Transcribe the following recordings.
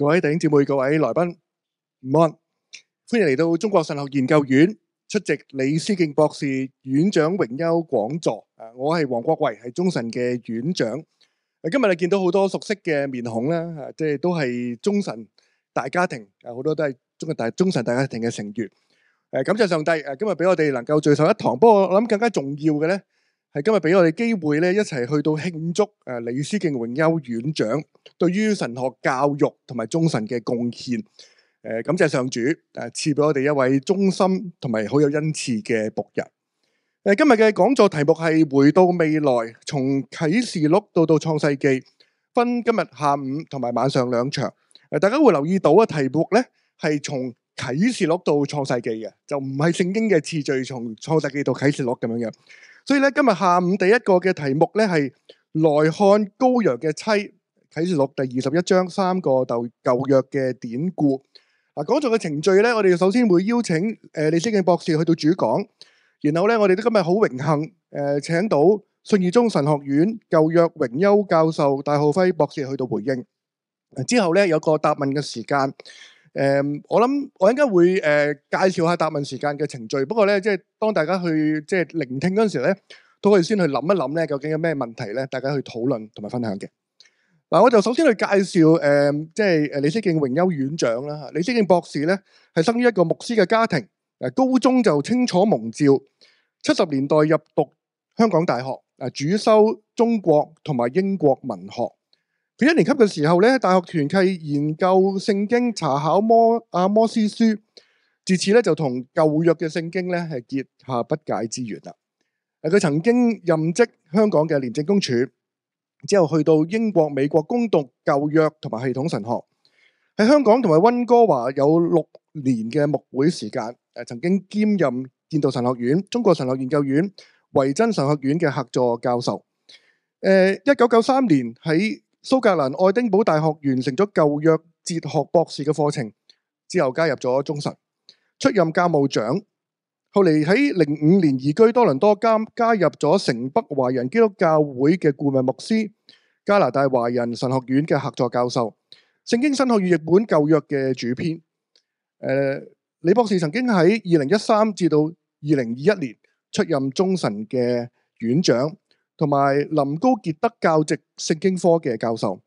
各位弟兄姊妹、各位來賓，午安！歡迎嚟到中國神學研究院，出席李思敬博士院長榮休講座。誒，我係黃國維，係中神嘅院長。今日你見到好多熟悉嘅面孔啦，吓，即係都係中神大家庭，誒，好多都係中神大中神大家庭嘅成員。誒，感謝上帝，誒，今日俾我哋能夠聚上一堂。不過我諗更加重要嘅，咧。係今日俾我哋機會咧，一齊去到慶祝誒李思敬榮休院長對於神學教育同埋中神嘅貢獻。誒、呃，感謝上主誒賜俾我哋一位忠心同埋好有恩賜嘅僕人。誒、呃，今日嘅講座題目係回到未來，從啟示錄到到創世記，分今日下午同埋晚上兩場。誒、呃，大家會留意到嘅題目咧係從啟示錄到創世記嘅，就唔係聖經嘅次序，從創世記到啟示錄咁樣嘅。所以咧，今日下午第一個嘅題目咧係《來看羔羊嘅妻》，啟示錄第二十一章三個就舊約嘅典故。嗱、啊，講座嘅程序咧，我哋首先會邀請誒李思敬博士去到主講，然後咧我哋都今日好榮幸誒、呃、請到信義宗神學院舊約榮休教授戴浩輝博士去到回應。啊、之後咧有個答問嘅時間。誒，um, 我諗我應該會誒、uh, 介紹下答問時間嘅程序，不過咧，即係當大家去即係聆聽嗰陣時咧，都可以先去諗一諗咧，究竟有咩問題咧，大家去討論同埋分享嘅。嗱、嗯，我就首先去介紹誒，uh, 即係誒李思敬榮休院長啦。李思敬博士咧，係生於一個牧師嘅家庭，誒高中就清楚蒙召，七十年代入讀香港大學，誒主修中國同埋英國文學。佢一年級嘅時候咧，大學團契研究聖經查考摩阿摩斯書，自此咧就同舊約嘅聖經咧係結下不解之緣啦。誒，佢曾經任職香港嘅廉政公署，之後去到英國、美國攻讀舊約同埋系統神學。喺香港同埋溫哥華有六年嘅牧會時間。誒，曾經兼任建道神學院、中國神學研究院、維真神學院嘅客座教授。誒，一九九三年喺蘇格蘭愛丁堡大學完成咗舊約哲學博士嘅課程之後，加入咗中神，出任教務長。後嚟喺零五年移居多倫多加，加加入咗城北華人基督教會嘅顧問牧師，加拿大華人神學院嘅客座教授，聖經新譯本舊約嘅主編。誒、呃，李博士曾經喺二零一三至到二零二一年出任中神嘅院長。同埋林高杰德教席聖經科嘅教授，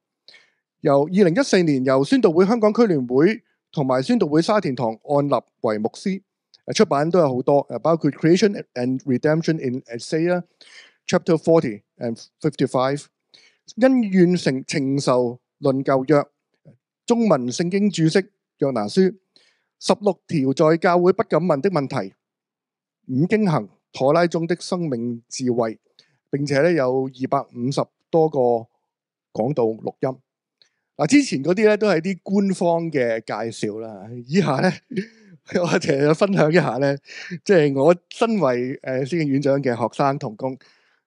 由二零一四年由宣道會香港區聯會同埋宣道會沙田堂按立為牧師，誒出版都有好多，誒包括《Creation and Redemption in Isaiah Chapter Forty and Fifty Five》、《恩怨情情仇論舊約》、《中文聖經注釋約拿書》、《十六條在教會不敢問的問題》、《五經行妥拉中的生命智慧》。並且咧有二百五十多個講道錄音。嗱，之前嗰啲咧都係啲官方嘅介紹啦。以下咧， 我其實分享一下咧，即係我身為誒思敬院長嘅學生同工，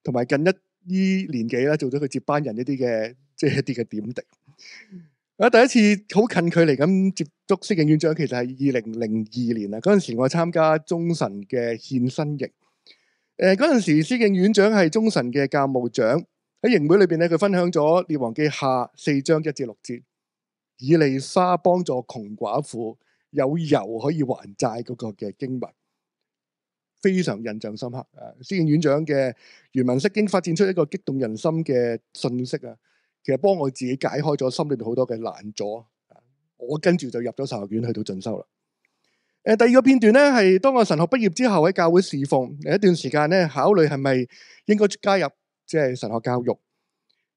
同埋近一啲年紀啦，做咗佢接班人一啲嘅，即係一啲嘅點滴。我第一次好近距離咁接觸思敬院長，其實係二零零二年啊。嗰陣時我參加中神嘅獻身營。誒，嗰陣時思敬院長係中神嘅教務長，喺營會裏邊咧，佢分享咗《列王記》下四章一至六節，以利沙幫助窮寡婦有油可以還債嗰個嘅經文，非常印象深刻啊！思敬院長嘅原文釋經發展出一個激動人心嘅信息啊，其實幫我自己解開咗心裏邊好多嘅難阻，我跟住就入咗神學院去到進修啦。誒，第二個片段咧，係當我神學畢業之後喺教會侍奉有一段時間咧，考慮係咪應該加入即係、就是、神學教育，誒、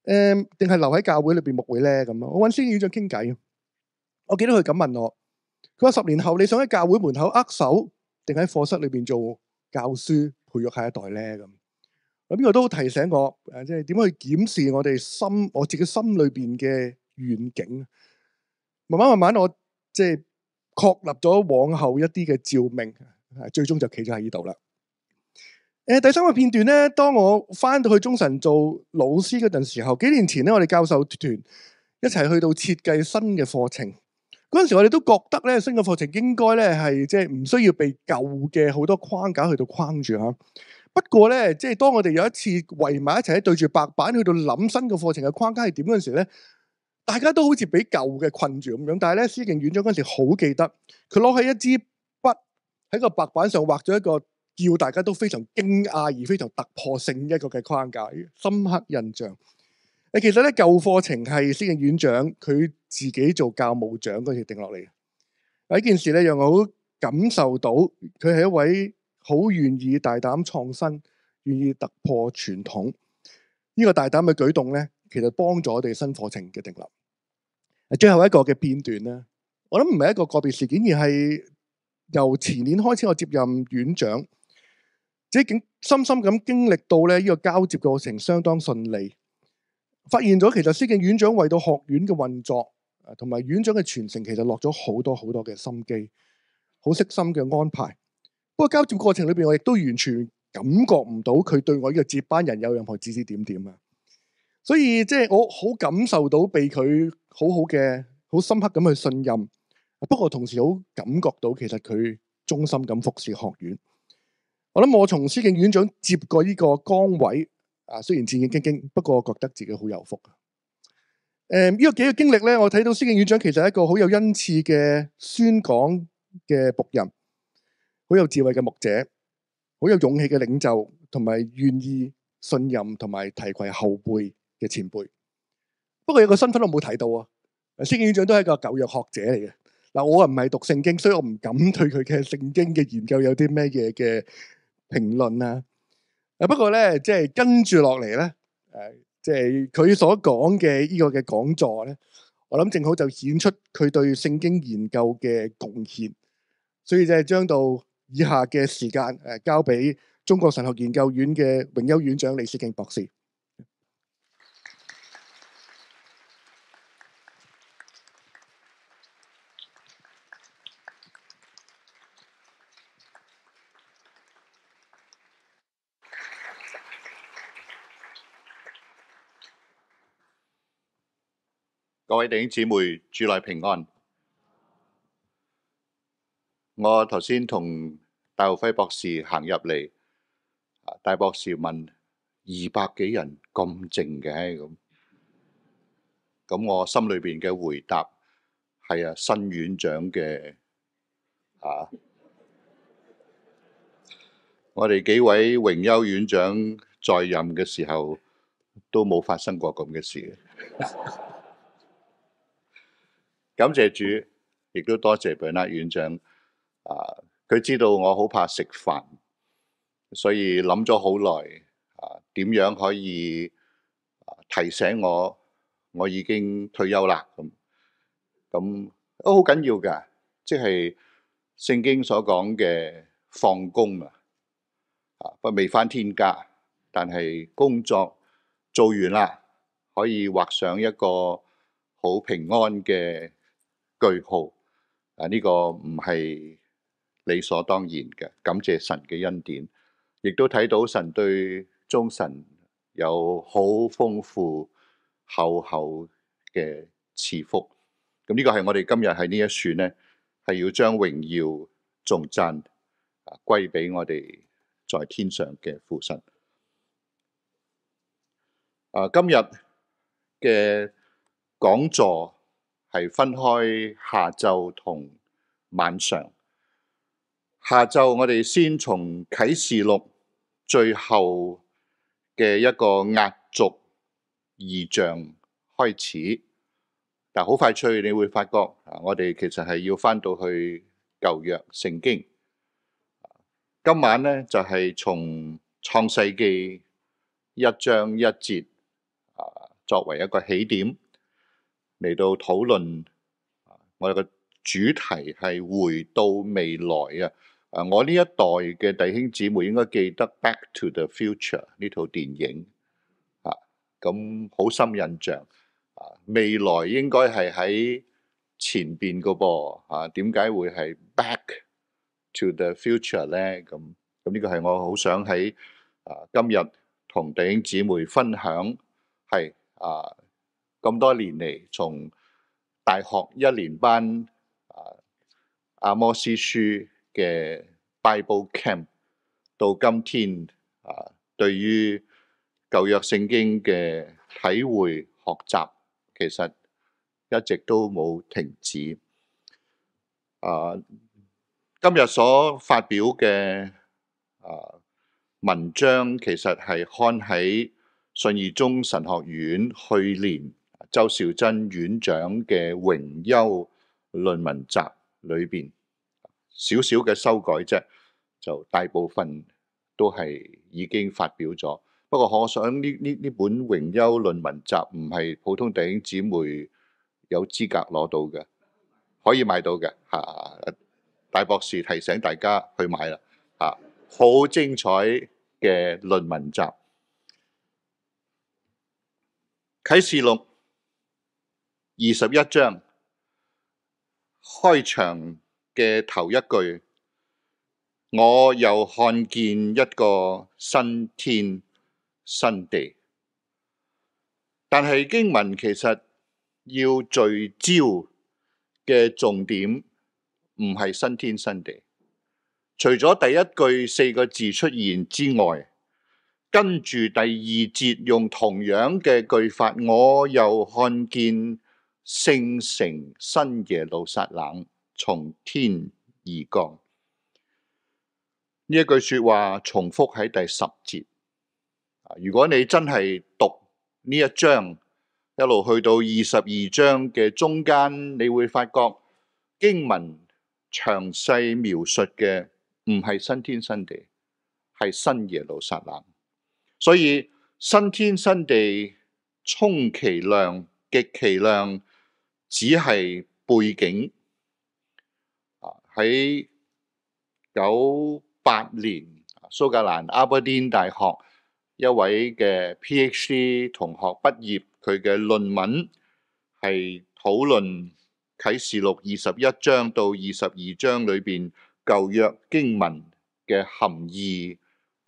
呃，定係留喺教會裏邊牧會咧咁啊？我揾司院長傾偈，我記得佢咁問我，佢話十年後你想喺教會門口握手，定喺課室裏邊做教書培育下一代咧咁？咁邊個都提醒我，誒，即係點去檢視我哋心，我自己心裏邊嘅願景。慢慢慢慢我，我即係。確立咗往後一啲嘅照明，最終就企咗喺呢度啦。誒，第三個片段咧，當我返到去中神做老師嗰陣時候，幾年前咧，我哋教授團一齊去到設計新嘅課程嗰陣時，我哋都覺得咧，新嘅課程應該咧係即係唔需要被舊嘅好多框架去到框住吓。不過咧，即係當我哋有一次圍埋一齊喺對住白板去到諗新嘅課程嘅框架係點嗰陣時咧。大家都好似俾舊嘅困住咁樣，但係咧，思敬院長嗰時好記得，佢攞起一支筆喺個白板上畫咗一個，叫大家都非常驚訝而非常突破性一個嘅框架，深刻印象。誒，其實咧舊課程係思敬院長佢自己做教務長嗰時定落嚟嘅。有一件事咧，讓我好感受到佢係一位好願意大膽創新、願意突破傳統。呢個大膽嘅舉動咧，其實幫助我哋新課程嘅定立。最後一個嘅片段咧，我諗唔係一個個別事件，而係由前年開始我接任院長，自己深深咁經歷到咧，呢個交接過程相當順利，發現咗其實思敬院長為到學院嘅運作啊同埋院長嘅傳承，其實落咗好多好多嘅心機，好悉心嘅安排。不過交接過程裏邊，我亦都完全感覺唔到佢對我呢個接班人有任何指指點點啊。所以即係、就是、我好感受到被佢好好嘅、好深刻咁去信任。不過同時好感覺到其實佢忠心咁服侍學院。我諗我從思敬院長接過呢個崗位，啊雖然戰戰兢兢，不過我覺得自己好有福。誒呢個幾個經歷呢，我睇到思敬院長其實係一個好有恩賜嘅宣講嘅僕人，好有智慧嘅牧者，好有勇氣嘅領袖，同埋願意信任同埋提携後輩嘅前輩，不過有個身份我冇睇到啊！思敬院長都係一個舊約學者嚟嘅嗱，我唔係讀聖經，所以我唔敢對佢嘅聖經嘅研究有啲咩嘢嘅評論啊！不過咧，即係跟住落嚟咧，誒，即係佢所講嘅呢個嘅講座咧，我諗正好就顯出佢對聖經研究嘅貢獻，所以就係將到以下嘅時間誒，交俾中國神學研究院嘅榮休院長李思敬博士。各位弟兄姊妹，主內平安。我頭先同戴浩輝博士行入嚟，啊，戴博士問，二百幾人咁靜嘅？咁，咁我心裏邊嘅回答係啊，新院長嘅啊，我哋幾位榮休院長在任嘅時候都冇發生過咁嘅事。 感謝主，亦都多謝貝納院長。啊，佢知道我好怕食飯，所以諗咗好耐啊，點樣可以提醒我我已經退休啦。咁咁都好緊要嘅，即係聖經所講嘅放工啊。啊，不過未返天家，但係工作做完啦，可以畫上一個好平安嘅句號啊！呢、這個唔係理所當然嘅，感謝神嘅恩典，亦都睇到神對忠臣有好豐富厚厚嘅賜福。咁、這、呢個係我哋今日喺呢一串呢，係要將榮耀仲讚，啊，歸俾我哋在天上嘅父神。啊，今日嘅講座。係分開下晝同晚上。下晝我哋先從啟示錄最後嘅一個壓軸異象開始，但好快脆，你會發覺啊，我哋其實係要返到去舊約聖經。今晚呢就係、是、從創世記一章一節啊，作為一個起點。嚟到討論，我哋個主題係回到未來啊！啊，我呢一代嘅弟兄姊妹應該記得《Back to the Future》呢套電影啊，咁好深印象啊！未來應該係喺前邊個噃嚇，點解會係《Back to the Future》咧？咁咁呢個係我好想喺啊今日同弟兄姊妹分享係啊。咁多年嚟，從大學一年班《阿摩司書》嘅 Bible Camp 到今天，啊，對於舊約聖經嘅體會學習，其實一直都冇停止。啊，今日所發表嘅啊文章，其實係看喺信義宗神學院去年。周兆珍院長嘅榮休論文集裏邊，少少嘅修改啫，就大部分都係已經發表咗。不過我想呢呢呢本榮休論文集唔係普通弟兄姊妹有資格攞到嘅，可以買到嘅吓、啊。戴博士提醒大家去買啦，吓、啊、好精彩嘅論文集。啟示錄。二十一章開場嘅頭一句，我又看見一個新天新地。但係經文其實要聚焦嘅重點唔係新天新地，除咗第一句四個字出現之外，跟住第二節用同樣嘅句法，我又看見。聖城新耶路撒冷從天而降，呢一句說話重複喺第十節。如果你真係讀呢一章，一路去到二十二章嘅中間，你會發覺經文詳細描述嘅唔係新天新地，係新耶路撒冷。所以新天新地充其量極其量。只係背景啊！喺九八年，蘇格蘭阿伯丁大學一位嘅 PhD 同學畢業，佢嘅論文係討論啟示錄二十一章到二十二章裏邊舊約經文嘅含義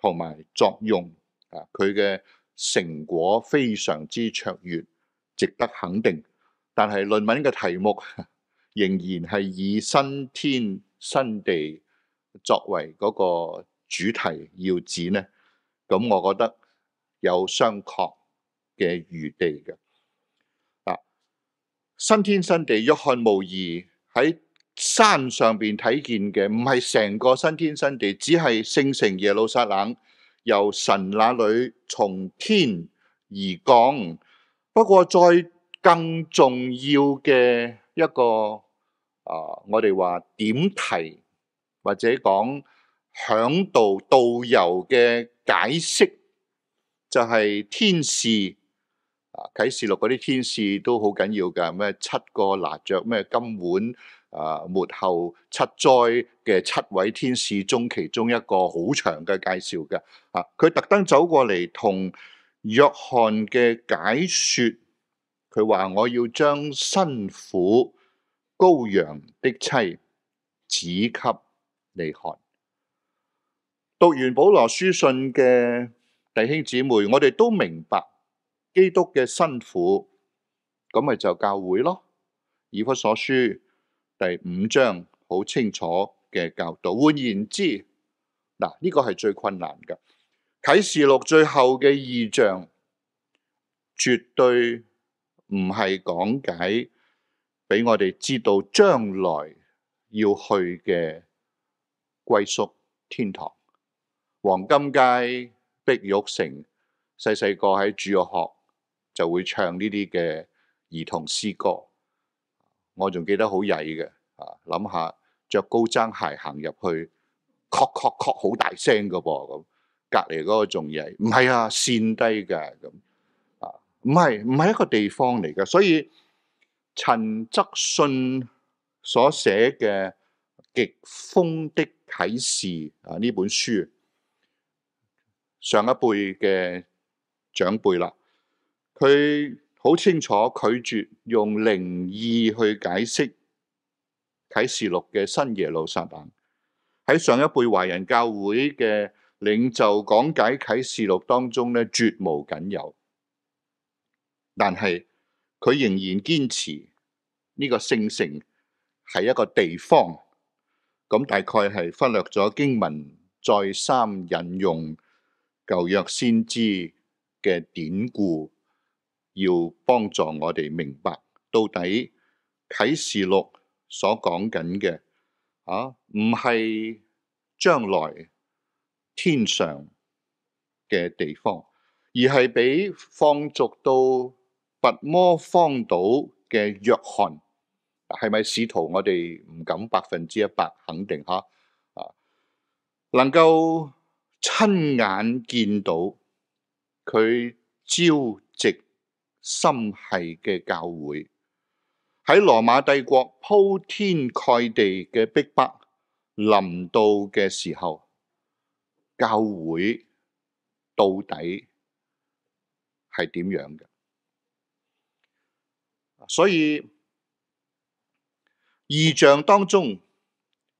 同埋作用啊！佢嘅成果非常之卓越，值得肯定。但係論文嘅題目仍然係以新天新地作為嗰個主題要旨呢，咁我覺得有商榷嘅餘地嘅。啊，新天新地約翰無疑喺山上邊睇見嘅，唔係成個新天新地，只係聖城耶路撒冷由神那裏從天而降。不過再。更重要嘅一個啊，我哋話點提，或者講響導導遊嘅解釋，就係天使啊啟示錄嗰啲天使都好緊要噶，咩七個拿着咩金碗啊末後七災嘅七位天使中其中一個好長嘅介紹嘅啊，佢特登走過嚟同約翰嘅解說。佢話我要將新婦羔羊的妻指給你看。讀完保羅書信嘅弟兄姊妹，我哋都明白基督嘅新婦，咁咪就教會咯。以弗所書第五章好清楚嘅教導。換言之，嗱、這、呢個係最困難嘅。啟示錄最後嘅異象，絕對。唔係講解俾我哋知道將來要去嘅歸宿天堂、黃金街、碧玉城。細細個喺主日學，學就會唱呢啲嘅兒童詩歌。我仲記得好曳嘅啊，諗下着高踭鞋行入去，確確確好大聲㗎噃，咁。隔離嗰個仲曳，唔係啊，跣低㗎咁。唔係唔係一個地方嚟嘅，所以陳則信所寫嘅《極風的啟示》啊呢本書，上一輩嘅長輩啦，佢好清楚拒絕用靈意去解釋啟示錄嘅新耶路撒冷喺，上一輩華人教會嘅領袖講解啟示錄當中咧，絕無僅有。但係佢仍然堅持呢個聖城係一個地方，咁大概係忽略咗經文再三引用舊約先知嘅典故，要幫助我哋明白到底啟示錄所講緊嘅啊，唔係將來天上嘅地方，而係俾放逐到。拔摩荒島嘅約翰係咪使徒？是是圖，我哋唔敢百分之一百肯定哈。啊，能夠親眼見到佢朝夕心係嘅教會喺羅馬帝國鋪天蓋地嘅逼迫臨到嘅時候，教會到底係點樣嘅？所以異象當中，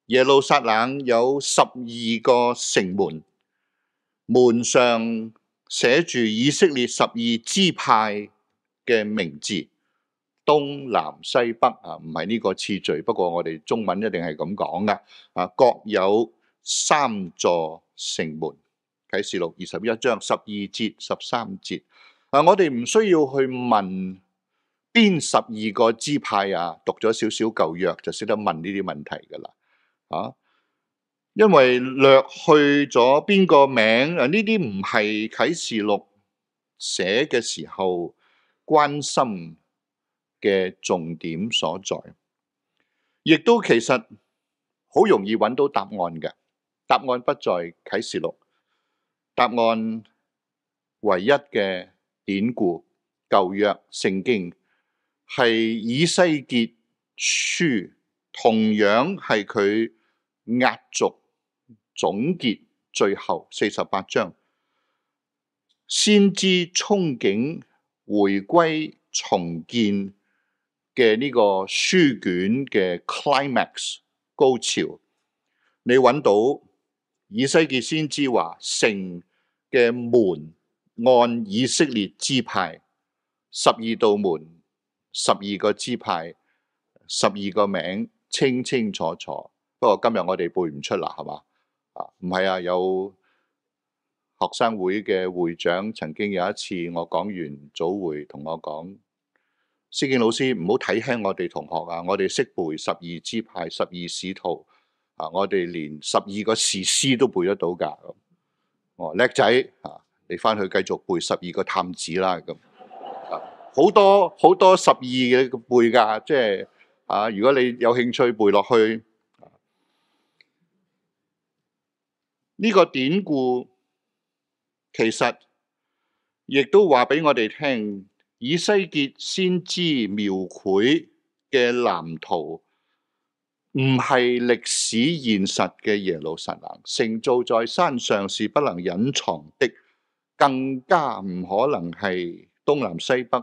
耶路撒冷有十二個城門，門上寫住以色列十二支派嘅名字，東南西北啊，唔係呢個次序，不過我哋中文一定係咁講㗎，啊各有三座城門，啟示錄二十一章十二節十三節，啊我哋唔需要去問。邊十二個支派啊？讀咗少少舊約就識得問呢啲問題噶啦啊！因為略去咗邊個名啊？呢啲唔係啟示錄寫嘅時候關心嘅重點所在，亦都其實好容易揾到答案嘅。答案不在啟示錄，答案唯一嘅典故舊約聖經。係以西結書，同樣係佢壓軸總結，最後四十八章先知憧憬回歸重建嘅呢個書卷嘅 climax 高潮，你揾到以西結先知話，城嘅門按以色列支派十二道門。十二個支派，十二個名清清楚楚。不過今日我哋背唔出啦，係嘛？啊，唔係啊，有學生會嘅會長曾經有一次，我講完早會同我講，思敬老師唔好睇輕我哋同學啊！我哋識背十二支派，十二使徒啊！我哋連十二個士師都背得到噶。哦，叻仔啊！你翻去繼續背十二個探子啦咁。啊好多好多十二嘅，背噶，即係啊！如果你有興趣背落去，呢個典故其實亦都話畀我哋聽，以西結先知描繪嘅藍圖唔係歷史現實嘅耶路撒冷。城造在山上是不能隱藏的，更加唔可能係東南西北。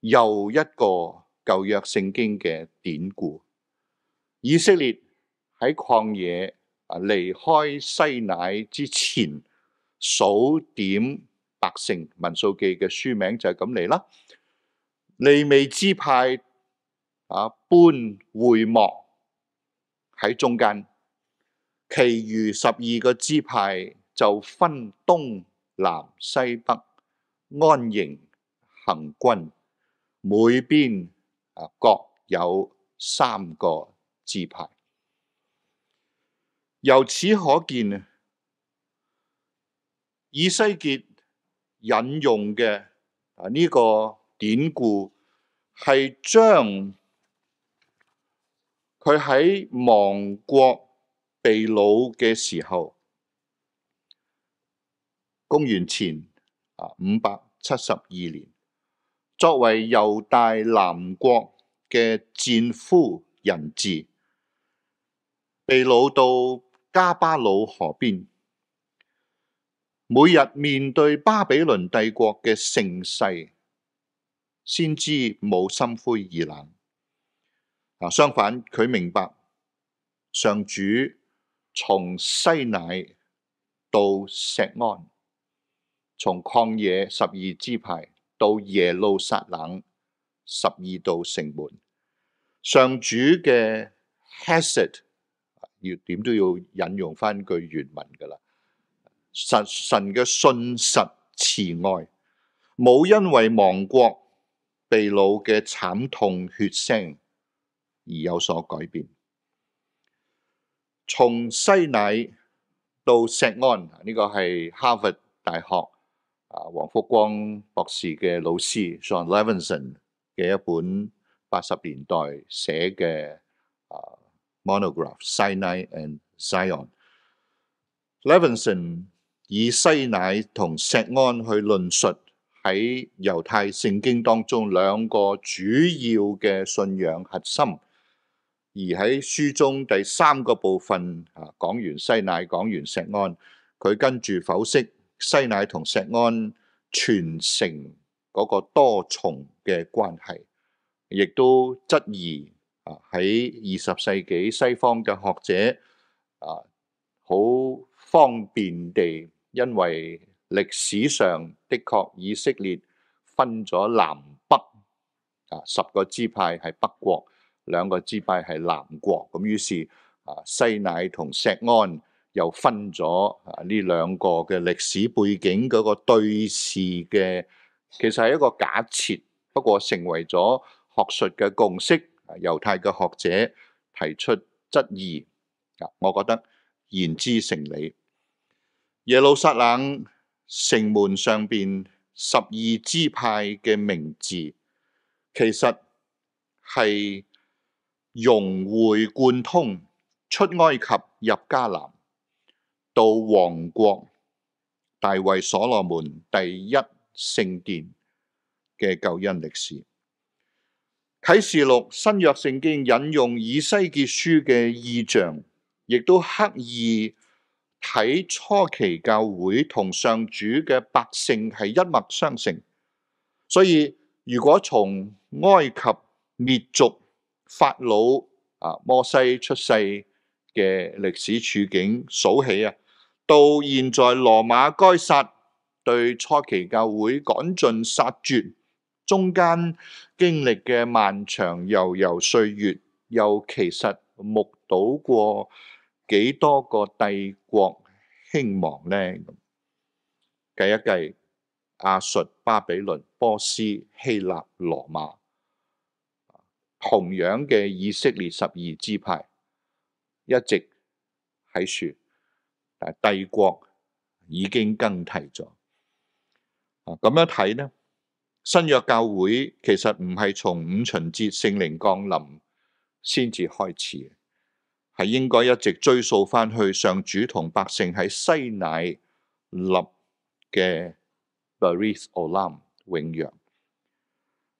又一個舊約聖經嘅典故，以色列喺曠野啊離開西乃之前數點百姓，民數記嘅書名就係咁嚟啦。利未支派啊搬會幕喺中間，其餘十二個支派就分東南西北安營行軍。每邊各有三個字牌，由此可見，以西結引用嘅啊呢個典故係將佢喺亡國被擄嘅時候，公元前啊五百七十二年。作為猶大南國嘅戰俘人質，被擄到加巴魯河邊，每日面對巴比倫帝國嘅盛世，先知冇心灰意冷。啊，相反佢明白，上主從西乃到錫安，從曠野十二支派。到耶路撒冷十二度城門，上主嘅 hesed 要點都要引用返句原文㗎喇，神神嘅信實慈愛，冇因為亡國被擄嘅慘痛血腥而有所改變。從西乃到錫安，呢、這個係哈佛大學。啊，黃福光博士嘅老師 John Levinson 嘅一本八十年代寫嘅啊 monograph《Sinai and Zion》，Levinson 以西奈同錫安去論述喺猶太聖經當中兩個主要嘅信仰核心，而喺書中第三個部分啊講完西奈講完錫安，佢跟住剖析。西乃同錫安全城嗰個多重嘅關係，亦都質疑啊喺二十世紀西方嘅學者啊，好方便地，因為歷史上的確以色列分咗南北啊，十個支派係北國，兩個支派係南國，咁於是啊西乃同錫安。又分咗呢兩個嘅歷史背景嗰個對視嘅，其實係一個假設，不過成為咗學術嘅共識。猶太嘅學者提出質疑，啊，我覺得言之成理。耶路撒冷城門上邊十二支派嘅名字，其實係融會貫通，出埃及入迦南。到王國、大衛、所羅門第一聖殿嘅救恩歷史，《啟示錄》新約聖經引用以西結書嘅異象，亦都刻意睇初期教會同上主嘅百姓係一脈相承。所以，如果從埃及滅族、法老啊、摩西出世嘅歷史處境數起啊。到現在，羅馬該撒對初期教會趕盡殺絕，中間經歷嘅漫長悠悠歲月，又其實目睹過幾多個帝國興亡呢？計一計，亞述、巴比倫、波斯、希臘、羅馬，同樣嘅以色列十二支派一直喺說。但帝國已經更替咗，咁、啊、樣睇呢，新約教會其實唔係從五旬節聖靈降臨先至開始，係應該一直追溯翻去上主同百姓喺西乃立嘅 Berit Olam 永約。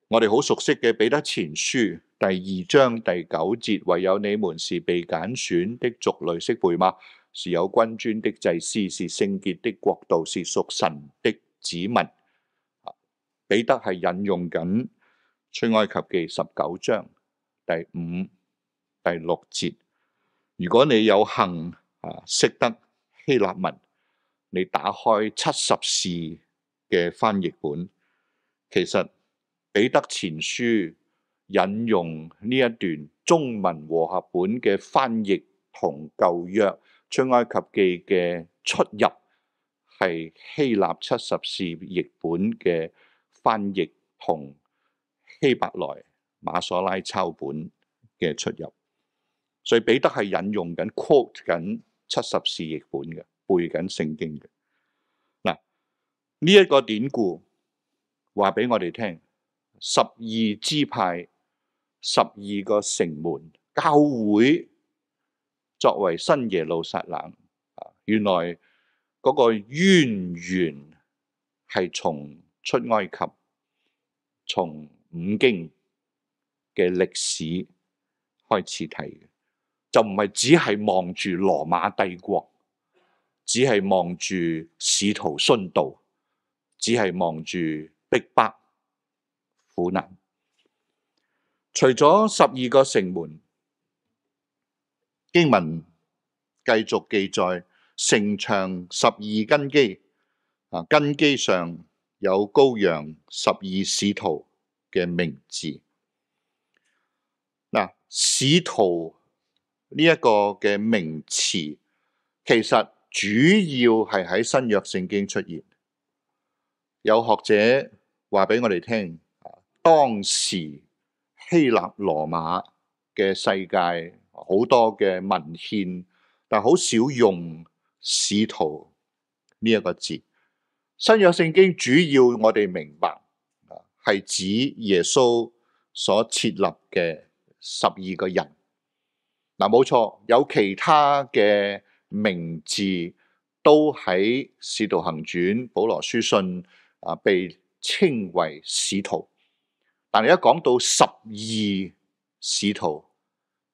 我哋好熟悉嘅彼得前書第二章第九節，唯有你們是被揀選的族類式馬，式配嗎？是有君尊的祭司，是聖潔的國度，是屬神的子民。彼得係引用緊《出埃及記》十九章第五、第六節。如果你有幸啊識得希臘文，你打開七十士嘅翻譯本，其實彼得前書引用呢一段中文和合本嘅翻譯同舊約，《出埃及記》嘅出入係希臘七十士譯本嘅翻譯，同希伯來馬所拉抄本嘅出入，所以彼得係引用緊、quote 緊七十士譯本嘅，背緊聖經嘅。嗱，呢、這、一個典故話俾我哋聽：十二支派、十二個城門、教會。作為新耶路撒冷，原來嗰個淵源係從出埃及、從五經嘅歷史開始睇嘅，就唔係只係望住羅馬帝國，只係望住使徒殉道，只係望住逼迫苦難。除咗十二個城門。經文繼續記載，城牆十二根基啊，根基上有羔羊十二使徒嘅名字。嗱，使徒呢一個嘅名詞，其實主要係喺新約聖經出現。有學者話畀我哋聽，當時希臘羅馬嘅世界。好多嘅文獻，但好少用使徒呢一個字。新約聖經主要我哋明白，係指耶穌所設立嘅十二個人。嗱，冇錯，有其他嘅名字都喺使徒行傳、保羅書信啊，被稱為使徒。但係一講到十二使徒。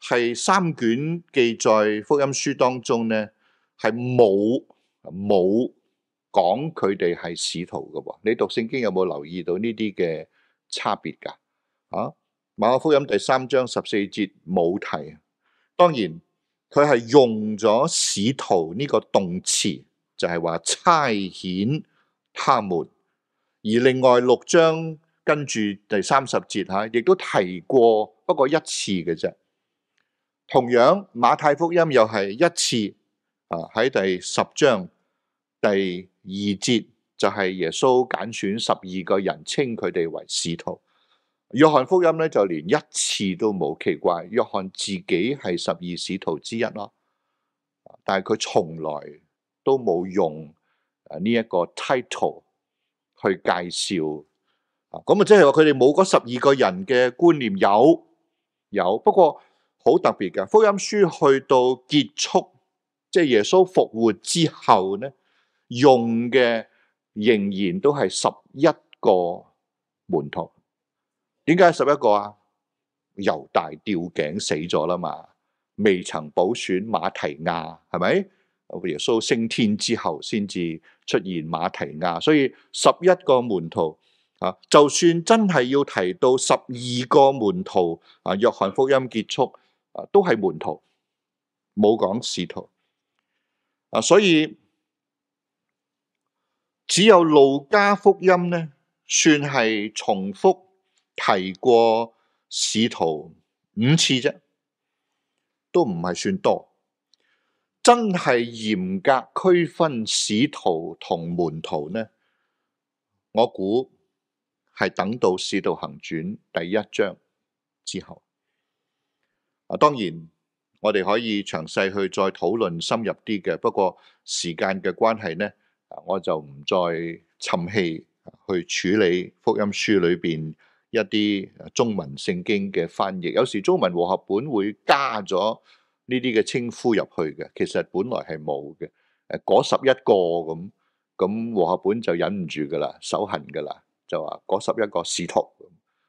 係三卷記載福音書當中呢，係冇冇講佢哋係使徒噶。你讀聖經有冇留意到呢啲嘅差別噶？啊，馬可福音第三章十四節冇提，當然佢係用咗使徒呢個動詞，就係、是、話差遣他們。而另外六章跟住第三十節吓，亦、啊、都提過，不過一次嘅啫。同樣，馬太福音又係一次啊，喺第十章第二節，就係耶穌揀選十二個人，稱佢哋為使徒。約翰福音咧就連一次都冇，奇怪，約翰自己係十二使徒之一咯，啊，但係佢從來都冇用呢一個 title 去介紹。咁啊，即係話佢哋冇嗰十二個人嘅觀念有有，不過。好特別嘅福音書去到結束，即係耶穌復活之後咧，用嘅仍然都係十一個門徒。點解十一個啊？猶大吊頸死咗啦嘛，未曾補選馬提亞，係咪？耶穌升天之後先至出現馬提亞，所以十一個門徒啊，就算真係要提到十二個門徒啊，約翰福音結束。都係門徒，冇講使徒。啊，所以只有路加福音咧，算係重複提過使徒五次啫，都唔係算多。真係嚴格區分使徒同門徒呢，我估係等到《使徒行傳》第一章之後。啊，當然我哋可以詳細去再討論深入啲嘅，不過時間嘅關係呢，我就唔再沉氣去處理福音書裏邊一啲中文聖經嘅翻譯。有時中文和合本會加咗呢啲嘅稱呼入去嘅，其實本來係冇嘅。誒，嗰十一個咁，咁和合本就忍唔住㗎喇，手痕㗎喇，就話嗰十一個使徒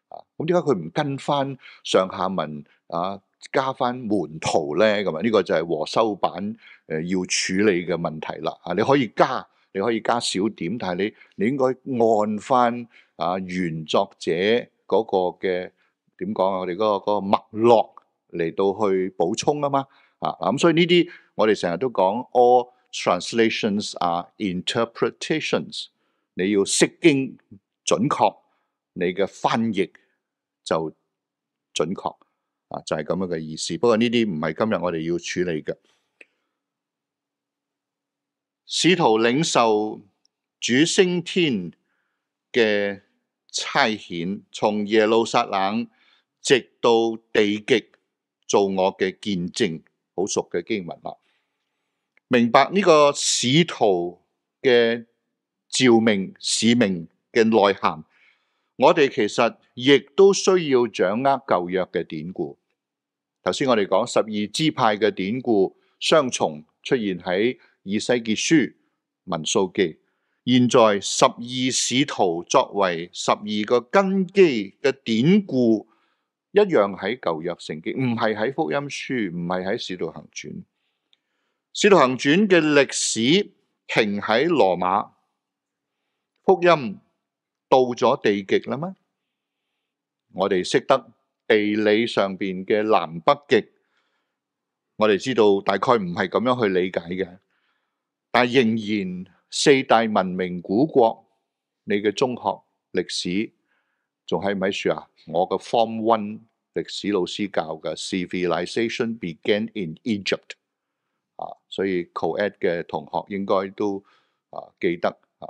啊。咁點解佢唔跟返上下文啊？加翻門徒咧，咁啊呢個就係和修版誒要處理嘅問題啦嚇。你可以加，你可以加少點，但係你你應該按翻啊原作者嗰個嘅點講啊，我哋嗰個嗰個脈絡嚟到去補充啊嘛嚇。咁所以呢啲我哋成日都講，all translations are interpretations。你要識經準確，你嘅翻譯就準確。啊，就係咁樣嘅意思。不過呢啲唔係今日我哋要處理嘅。使徒領受主升天嘅差遣，從耶路撒冷直到地極做我嘅見證，好熟嘅經文啦，啊。明白呢個使徒嘅召命，使命嘅內涵。我哋其實亦都需要掌握舊約嘅典故。頭先我哋講十二支派嘅典故，雙重出現喺以西結書、民數記。現在十二使徒作為十二個根基嘅典故，一樣喺舊約成經，唔係喺福音書，唔係喺使徒行傳。使徒行傳嘅歷史停喺羅馬，福音。到咗地極啦嗎？我哋識得地理上面嘅南北極，我哋知道大概唔係咁樣去理解嘅，但係仍然四大文明古國，你嘅中學歷史仲喺咪書啊？我嘅 Form One 歷史老師教嘅 Civilization began in Egypt 啊，所以 Coed 嘅同學應該都啊記得啊，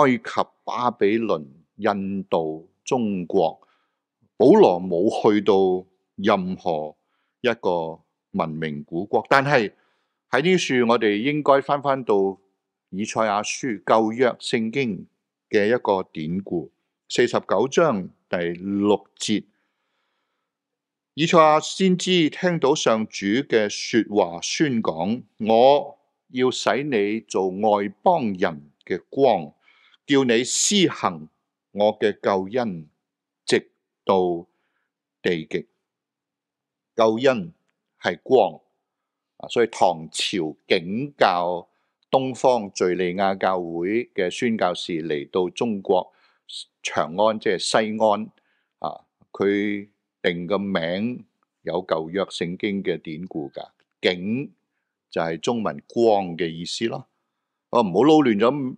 埃及、巴比倫。印度、中國，保羅冇去到任何一個文明古國，但係喺呢處，我哋應該返返到以賽亞書舊約聖經嘅一個典故，四十九章第六節。以賽亞先知聽到上主嘅説話宣講：我要使你做外邦人嘅光，叫你施行。我嘅救恩直到地極，救恩係光啊！所以唐朝景教東方敘利亞教會嘅宣教士嚟到中國長安，即係西安啊，佢定個名有舊約聖經嘅典故噶，景就係中文光嘅意思咯。我唔好撈亂咗。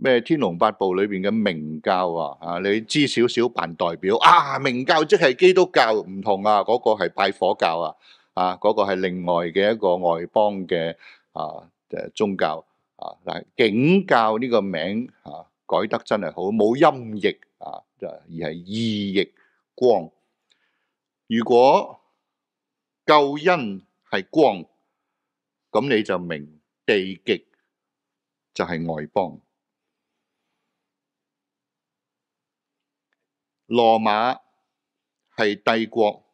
咩《天龍八部》裏邊嘅明教啊？啊，你知少少扮代表啊？明教即係基督教，唔同啊！嗰個係拜火教啊！啊，嗰個係另外嘅一個外邦嘅啊誒宗教啊。但係景教呢個名啊改得真係好，冇音譯啊，而係意譯光。如果救恩係光，咁你就明地極就係外邦。羅馬係帝國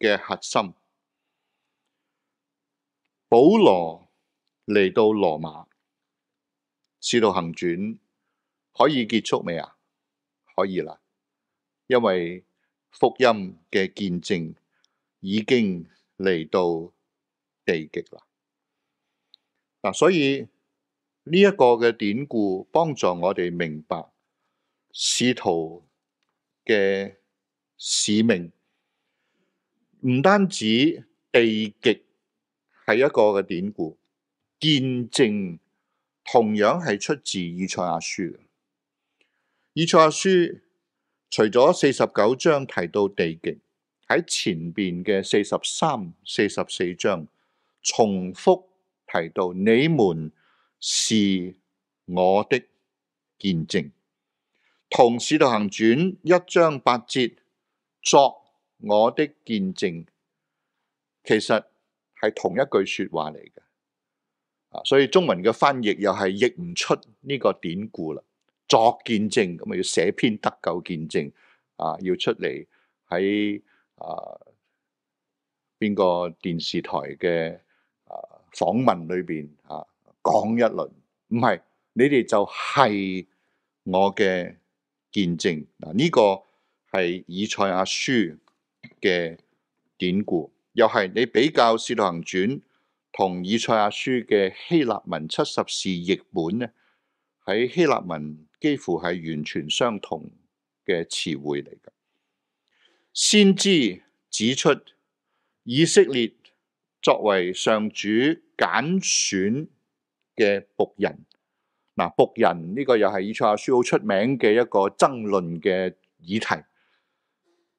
嘅核心。保羅嚟到羅馬，使徒行傳可以結束未啊？可以啦，因為福音嘅見證已經嚟到地極啦。嗱，所以呢一個嘅典故幫助我哋明白使徒行傳，嘅使命唔單止地極，係一個嘅典故，見證同樣係出自以賽亞書。以賽亞書除咗四十九章提到地極，喺前邊嘅四十三、四十四章重複提到你們是我的見證。《同使徒行傳》一章八節，作我的見證，其實係同一句說話嚟嘅，啊，所以中文嘅翻譯又係譯唔出呢個典故啦。作見證咁咪要寫篇得救見證啊，要出嚟喺啊邊個電視台嘅啊訪問裏邊啊講一輪。唔係你哋就係我嘅。見證。嗱，呢個係以賽亞書嘅典故，又係你比較《使徒行傳》同以賽亞書嘅希臘文七十士譯本咧，喺希臘文幾乎係完全相同嘅詞彙嚟嘅。先知指出以色列作為上主揀選嘅僕人。嗱，僕人呢個又係《以賽亞書》好出名嘅一個爭論嘅議題，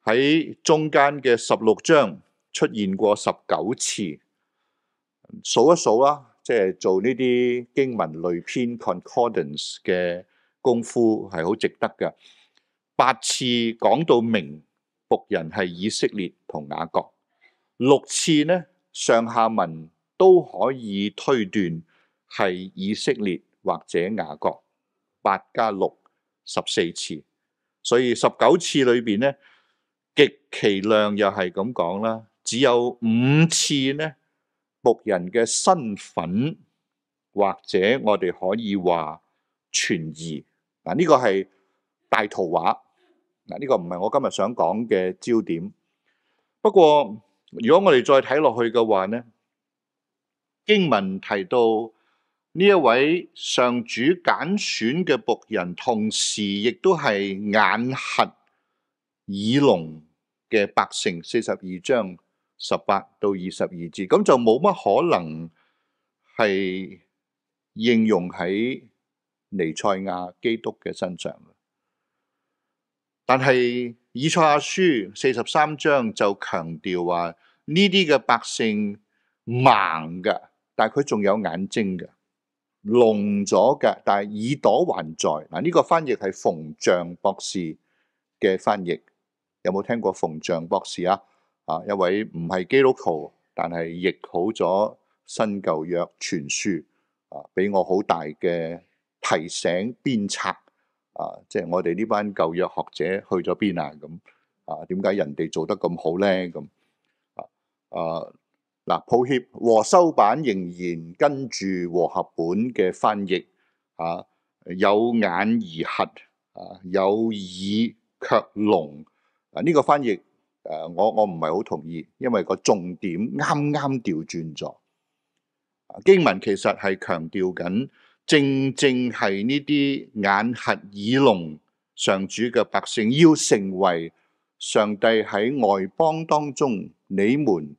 喺中間嘅十六章出現過十九次，數一數啦，即係做呢啲經文類篇 concordance 嘅功夫係好值得嘅。八次講到明僕人係以色列同雅各，六次呢上下文都可以推斷係以色列。或者亞國八加六十四次，所以十九次裏邊咧，極其量又係咁講啦，只有五次咧，僕人嘅身份或者我哋可以話存疑。嗱，呢個係大圖畫。嗱，呢個唔係我今日想講嘅焦點。不過如果我哋再睇落去嘅話咧，經文提到。呢一位上主揀選嘅僕人，同時亦都係眼核耳聾嘅百姓。四十二章十八到二十二節，咁就冇乜可能係應用喺尼賽亞基督嘅身上但，但係以賽亞書四十三章就強調話呢啲嘅百姓盲噶，但係佢仲有眼睛噶。聾咗嘅，但係耳朵還在。嗱，呢個翻譯係馮象博士嘅翻譯，有冇聽過馮象博士啊？啊，一位唔係基督徒，但係譯好咗新舊約全書，啊，俾我好大嘅提醒鞭策。啊，即係我哋呢班舊約學者去咗邊啊？咁啊，點解人哋做得咁好咧？咁啊啊！啊嗱，抱歉和修版仍然跟住和合本嘅翻譯，啊，有眼而瞎，啊，有耳卻聾，啊，呢、這個翻譯，誒、啊，我我唔係好同意，因為個重點啱啱調轉咗。經文其實係強調緊，正正係呢啲眼瞎耳聾，上主嘅百姓要成為上帝喺外邦當中，你們。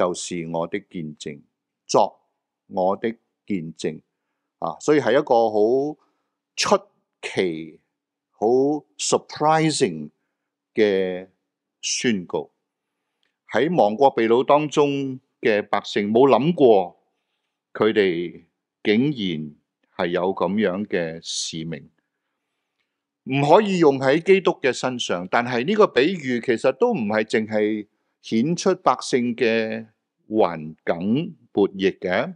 就是我的見證，作我的見證啊！所以係一個好出奇、好 surprising 嘅宣告。喺亡國被擄當中嘅百姓，冇諗過佢哋竟然係有咁樣嘅使命，唔可以用喺基督嘅身上。但係呢個比喻其實都唔係淨係。顯出百姓嘅環境勃奕嘅，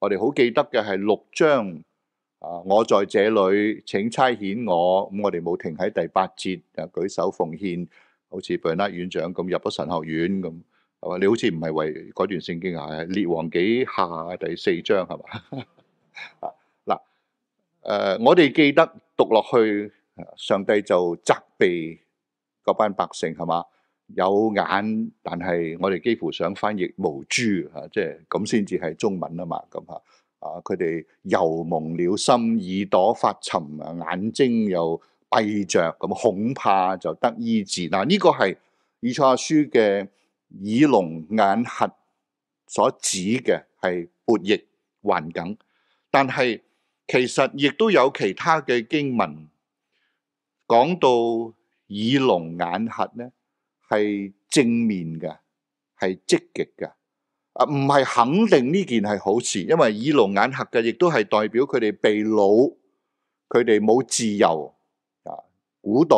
我哋好記得嘅係六章啊！我在這裏，請差遣我。咁我哋冇停喺第八節，就舉手奉獻，好似貝拉院長咁入咗神學院咁。啊，你好似唔係為嗰段聖經啊？列王紀下第四章係嘛？嗱，誒、 啊呃，我哋記得讀落去，上帝就責備嗰班百姓係嘛？有眼，但係我哋幾乎想翻譯無珠吓、啊，即係咁先至係中文啊嘛，咁吓啊！佢哋油蒙了心，耳朵發沉啊，眼睛又閉着咁、啊、恐怕就得醫治。嗱、啊，呢、這個係以賽亞書嘅耳聾眼瞎」所指嘅係惡劣環境，但係其實亦都有其他嘅經文講到耳聾眼瞎」咧。係正面嘅，係積極嘅，啊唔係肯定呢件係好事，因為耳聾眼黑嘅，亦都係代表佢哋被虜，佢哋冇自由，啊古代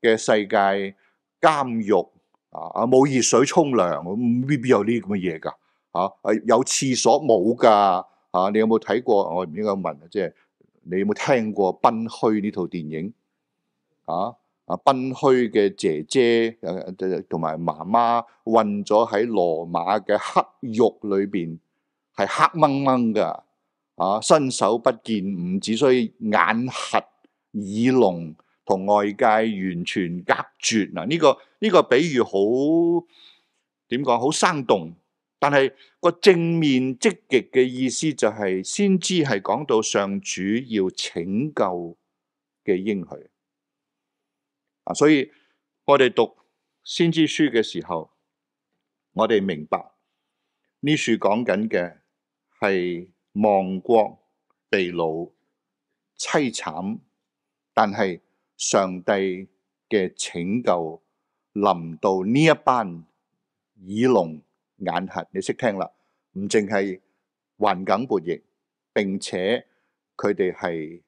嘅世界監獄，啊啊冇熱水沖涼，未必有呢啲咁嘅嘢噶？吓，有廁所冇噶？吓、啊，你有冇睇過？我唔應該問，即係你有冇聽過《賓虛》呢套電影？啊？啊！賓虛嘅姐姐，誒同埋媽媽，困咗喺羅馬嘅黑獄裏邊，係黑掹掹嘅，啊，伸手不見五指，只需眼瞎耳聾，同外界完全隔絕嗱。呢、啊這個呢、這個比喻好點講？好生動，但係個正面積極嘅意思就係先知係講到上主要拯救嘅應許。啊！所以我哋讀先知書嘅時候，我哋明白呢處講緊嘅係亡國、被擄、淒慘，但係上帝嘅拯救臨到呢一班耳聾眼瞎，你識聽啦，唔淨係環境撥翼，並且佢哋係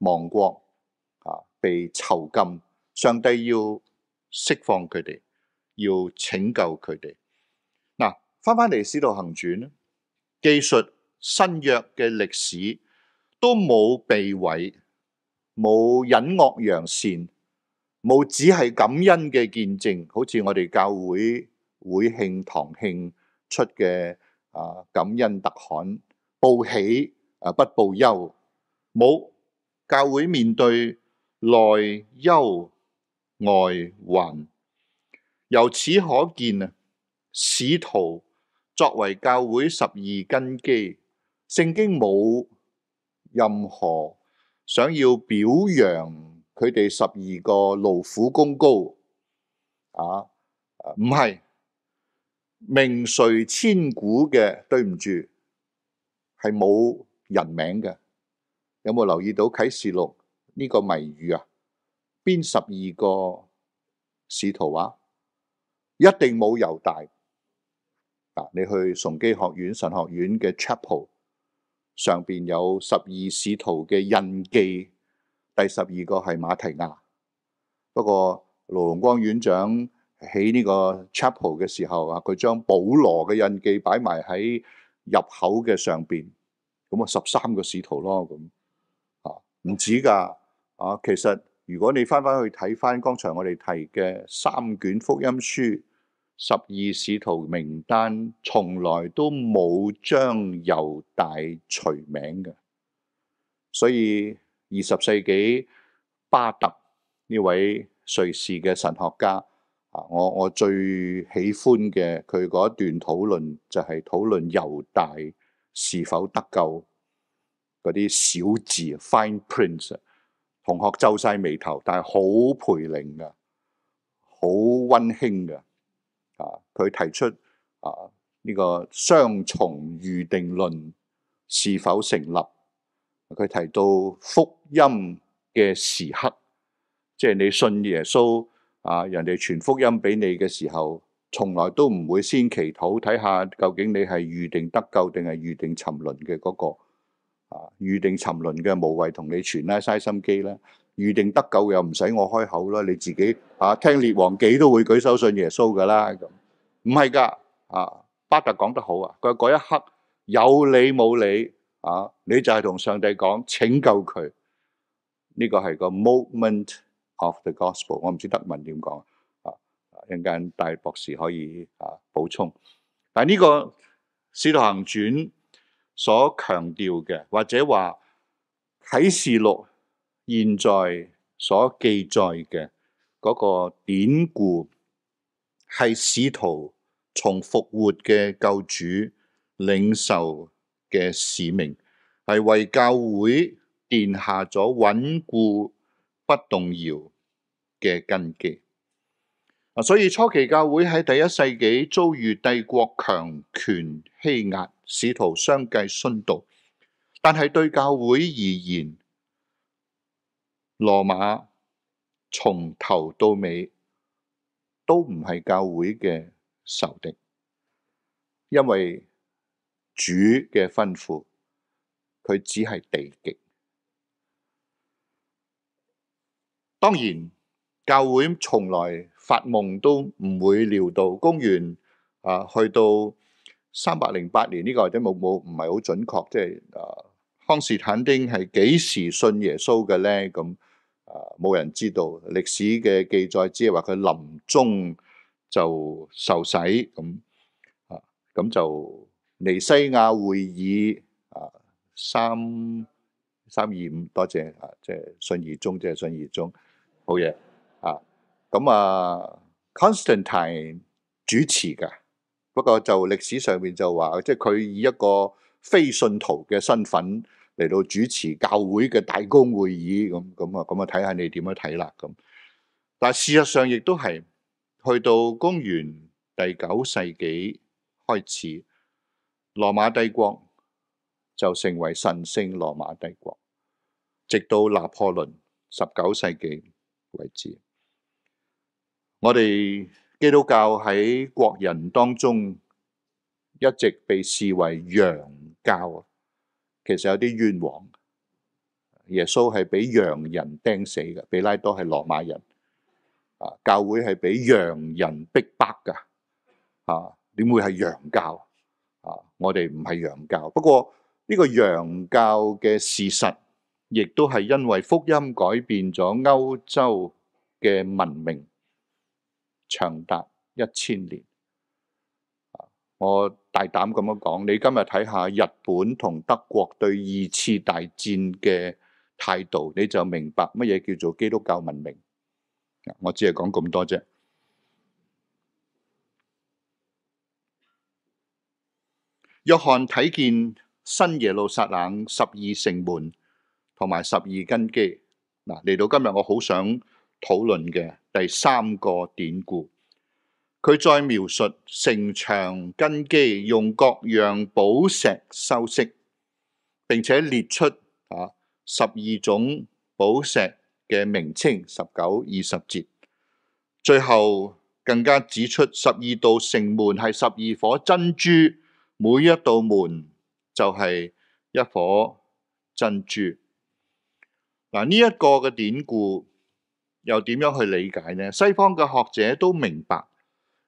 亡國。被囚禁，上帝要釋放佢哋，要拯救佢哋。嗱、啊，翻翻嚟。使徒行傳呢，記述新約嘅歷史都冇被毀，冇隱惡揚善，冇只係感恩嘅見證。好似我哋教會會慶堂慶出嘅啊感恩特刊，報喜啊，不報憂，冇教會面對。內憂外患，由此可見啊！使徒作為教會十二根基，聖經冇任何想要表揚佢哋十二個勞苦功高啊！唔、啊、唔係名垂千古嘅，對唔住，係冇人名嘅。有冇留意到啟示錄？呢個謎語啊，邊十二個使徒啊？一定冇猶大。啊，你去崇基學院、神學院嘅 chapel 上邊有十二使徒嘅印記。第十二個係馬提亞。不過盧龍光院長喺呢個 chapel 嘅時候啊，佢將保羅嘅印記擺埋喺入口嘅上邊。咁啊，十三個使徒咯，咁啊唔止㗎。啊，其實如果你翻翻去睇翻剛才我哋提嘅三卷福音書，十二使徒名單從來都冇將猶大除名嘅，所以二十世紀巴特呢位瑞士嘅神學家啊，我我最喜歡嘅佢嗰一段討論就係討論猶大是否得救嗰啲小字 fine print 啊。同學皺晒眉頭，但係好培靈嘅，好溫馨嘅。啊，佢提出啊呢、這個雙重預定論是否成立？佢、啊、提到福音嘅時刻，即係你信耶穌啊，人哋傳福音俾你嘅時候，從來都唔會先祈禱，睇下究竟你係預定得救定係預定沉淪嘅嗰、那個。啊！預定沉淪嘅無謂同你傳啦，嘥心機啦。預定得救又唔使我開口啦，你自己啊聽列王紀都會舉手信耶穌㗎啦咁。唔係㗎啊，巴特講得好啊，佢嗰一刻有理冇理啊，你就係同上帝講拯救佢。呢、這個係個 moment of the gospel。我唔知德文點講啊？陣間戴博士可以啊補充。但係、這、呢個使徒行傳。所強調嘅，或者話啟示錄現在所記載嘅嗰個典故，係使徒從復活嘅救主領受嘅使命，係為教會奠下咗穩固不動搖嘅根基。所以初期教會喺第一世紀遭遇帝國強權欺壓，使徒相繼殉道。但係對教會而言，羅馬從頭到尾都唔係教會嘅仇敵，因為主嘅吩咐，佢只係地極。當然，教會從來。發夢都唔會料到，公元啊去到三百零八年呢個或者冇冇唔係好準確，即係啊，康士坦丁係幾時信耶穌嘅咧？咁啊冇人知道，歷史嘅記載只係話佢臨終就受洗咁啊，咁就尼西亞會議啊三三二五，多謝啊，即係信義宗，即係信義宗，好嘢。咁啊、嗯、Constantine 主持嘅，不過就歷史上面就話，即係佢以一個非信徒嘅身份嚟到主持教會嘅大公會議，咁咁啊，咁、嗯、啊，睇、嗯嗯、下你點樣睇啦咁、嗯。但係事實上亦都係去到公元第九世紀開始，羅馬帝國就成為神聖羅馬帝國，直到拿破崙十九世紀為止。我哋基督教喺國人當中一直被視為洋教啊，其實有啲冤枉。耶穌係俾洋人釘死嘅，比拉多係羅馬人啊。教會係俾洋人逼迫㗎啊。點會係洋教啊？我哋唔係洋教。不過呢個洋教嘅事實，亦都係因為福音改變咗歐洲嘅文明。長達一千年，我大膽咁樣講，你今日睇下日本同德國對二次大戰嘅態度，你就明白乜嘢叫做基督教文明。我只係講咁多啫。約翰睇見新耶路撒冷十二城門同埋十二根基，嗱，嚟到今日我好想討論嘅。第三個典故，佢再描述城牆根基用各樣寶石修飾，並且列出啊十二種寶石嘅名稱，十九、二十節。最後更加指出十二道城門係十二顆珍珠，每一道門就係一顆珍珠。嗱，啊，呢，這一個嘅典故。又點樣去理解呢？西方嘅學者都明白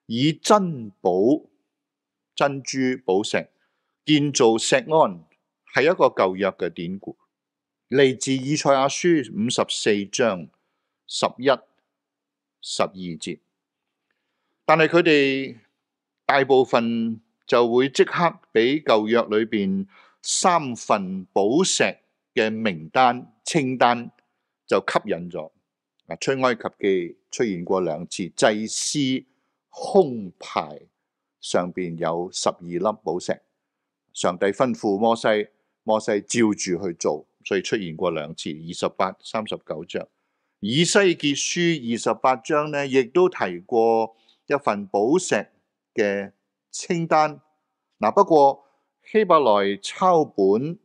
以，以珍寶、珍珠、寶石建造錫安係一個舊約嘅典故，嚟自以賽亞書五十四章十一、十二節。但係佢哋大部分就會即刻俾舊約裏邊三份寶石嘅名單、清單就吸引咗。啊！出埃及記出現過兩次，祭司胸牌上邊有十二粒寶石。上帝吩咐摩西，摩西照住去做，所以出現過兩次。二十八、三十九章，《以西結書》二十八章呢，亦都提過一份寶石嘅清單。嗱，不過希伯來抄本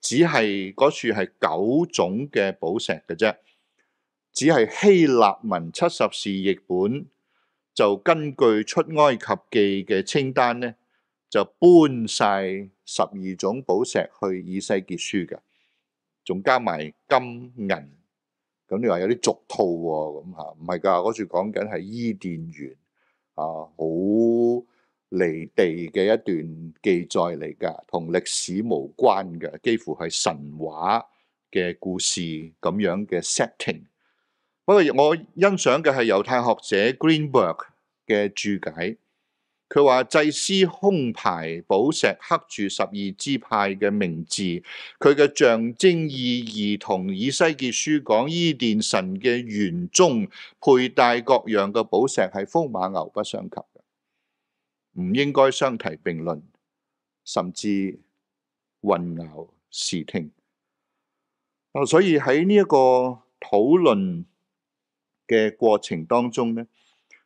只係嗰處係九種嘅寶石嘅啫。只係希臘文七十士譯本就根據出埃及記嘅清單咧，就搬晒十二種寶石去以西結書嘅，仲加埋金銀。咁你話有啲俗套喎、哦，咁吓唔係噶，我住講緊係伊甸園啊，好離地嘅一段記載嚟噶，同歷史無關嘅，幾乎係神話嘅故事咁樣嘅 setting。不過我欣賞嘅係猶太學者 Greenberg 嘅注解，佢話祭司胸牌寶石刻住十二支派嘅名字，佢嘅象徵意義同以西結書講伊甸神嘅園中佩戴各樣嘅寶石係風馬牛不相及嘅，唔應該相提並論，甚至混淆視聽。所以喺呢一個討論。嘅過程當中咧，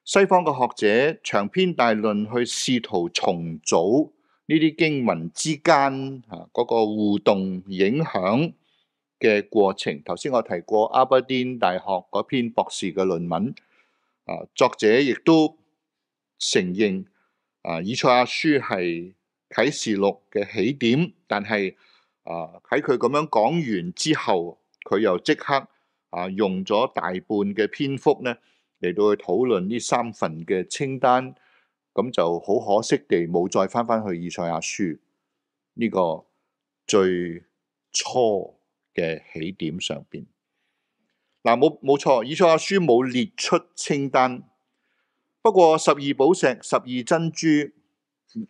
西方嘅學者長篇大論去試圖重組呢啲經文之間啊嗰個互動影響嘅過程。頭先我提過阿伯丁大學嗰篇博士嘅論文啊，作者亦都承認啊以賽亞書係啟示錄嘅起點，但係啊喺佢咁樣講完之後，佢又即刻。啊，用咗大半嘅篇幅呢，嚟到去討論呢三份嘅清單，咁就好可惜地冇再翻翻去《以賽亞書》呢個最初嘅起點上邊。嗱、啊，冇冇錯，《以賽亞書》冇列出清單。不過十二寶石、十二珍珠，《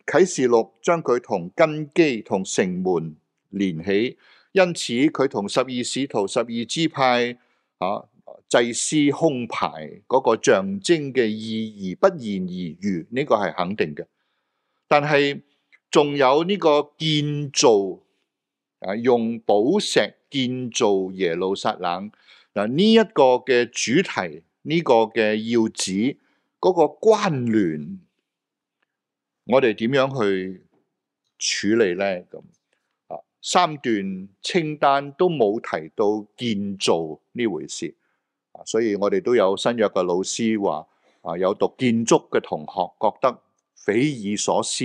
啟示錄》將佢同根基、同城門連起，因此佢同十二使徒、十二支派。啊！祭司胸牌嗰、那個象徵嘅意義不言而喻，呢、這個係肯定嘅。但係仲有呢個建造啊，用寶石建造耶路撒冷嗱，呢、啊、一、這個嘅主題，呢、這個嘅要旨，嗰、那個關聯，我哋點樣去處理咧？咁？三段清單都冇提到建造呢回事，所以我哋都有新約嘅老師話：啊，有讀建築嘅同學覺得匪夷所思，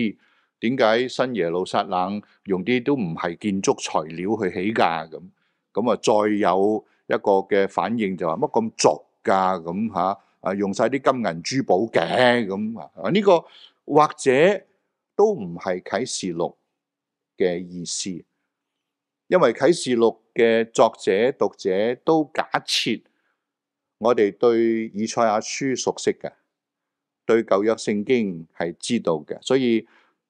點解新耶路撒冷用啲都唔係建築材料去起噶？咁咁啊？再有一個嘅反應就話乜咁俗噶？咁吓啊？用晒啲金銀珠寶嘅咁啊，呢個或者都唔係啟示錄嘅意思。因為啟示錄嘅作者、讀者都假設我哋對以賽亞書熟悉嘅，對舊約聖經係知道嘅，所以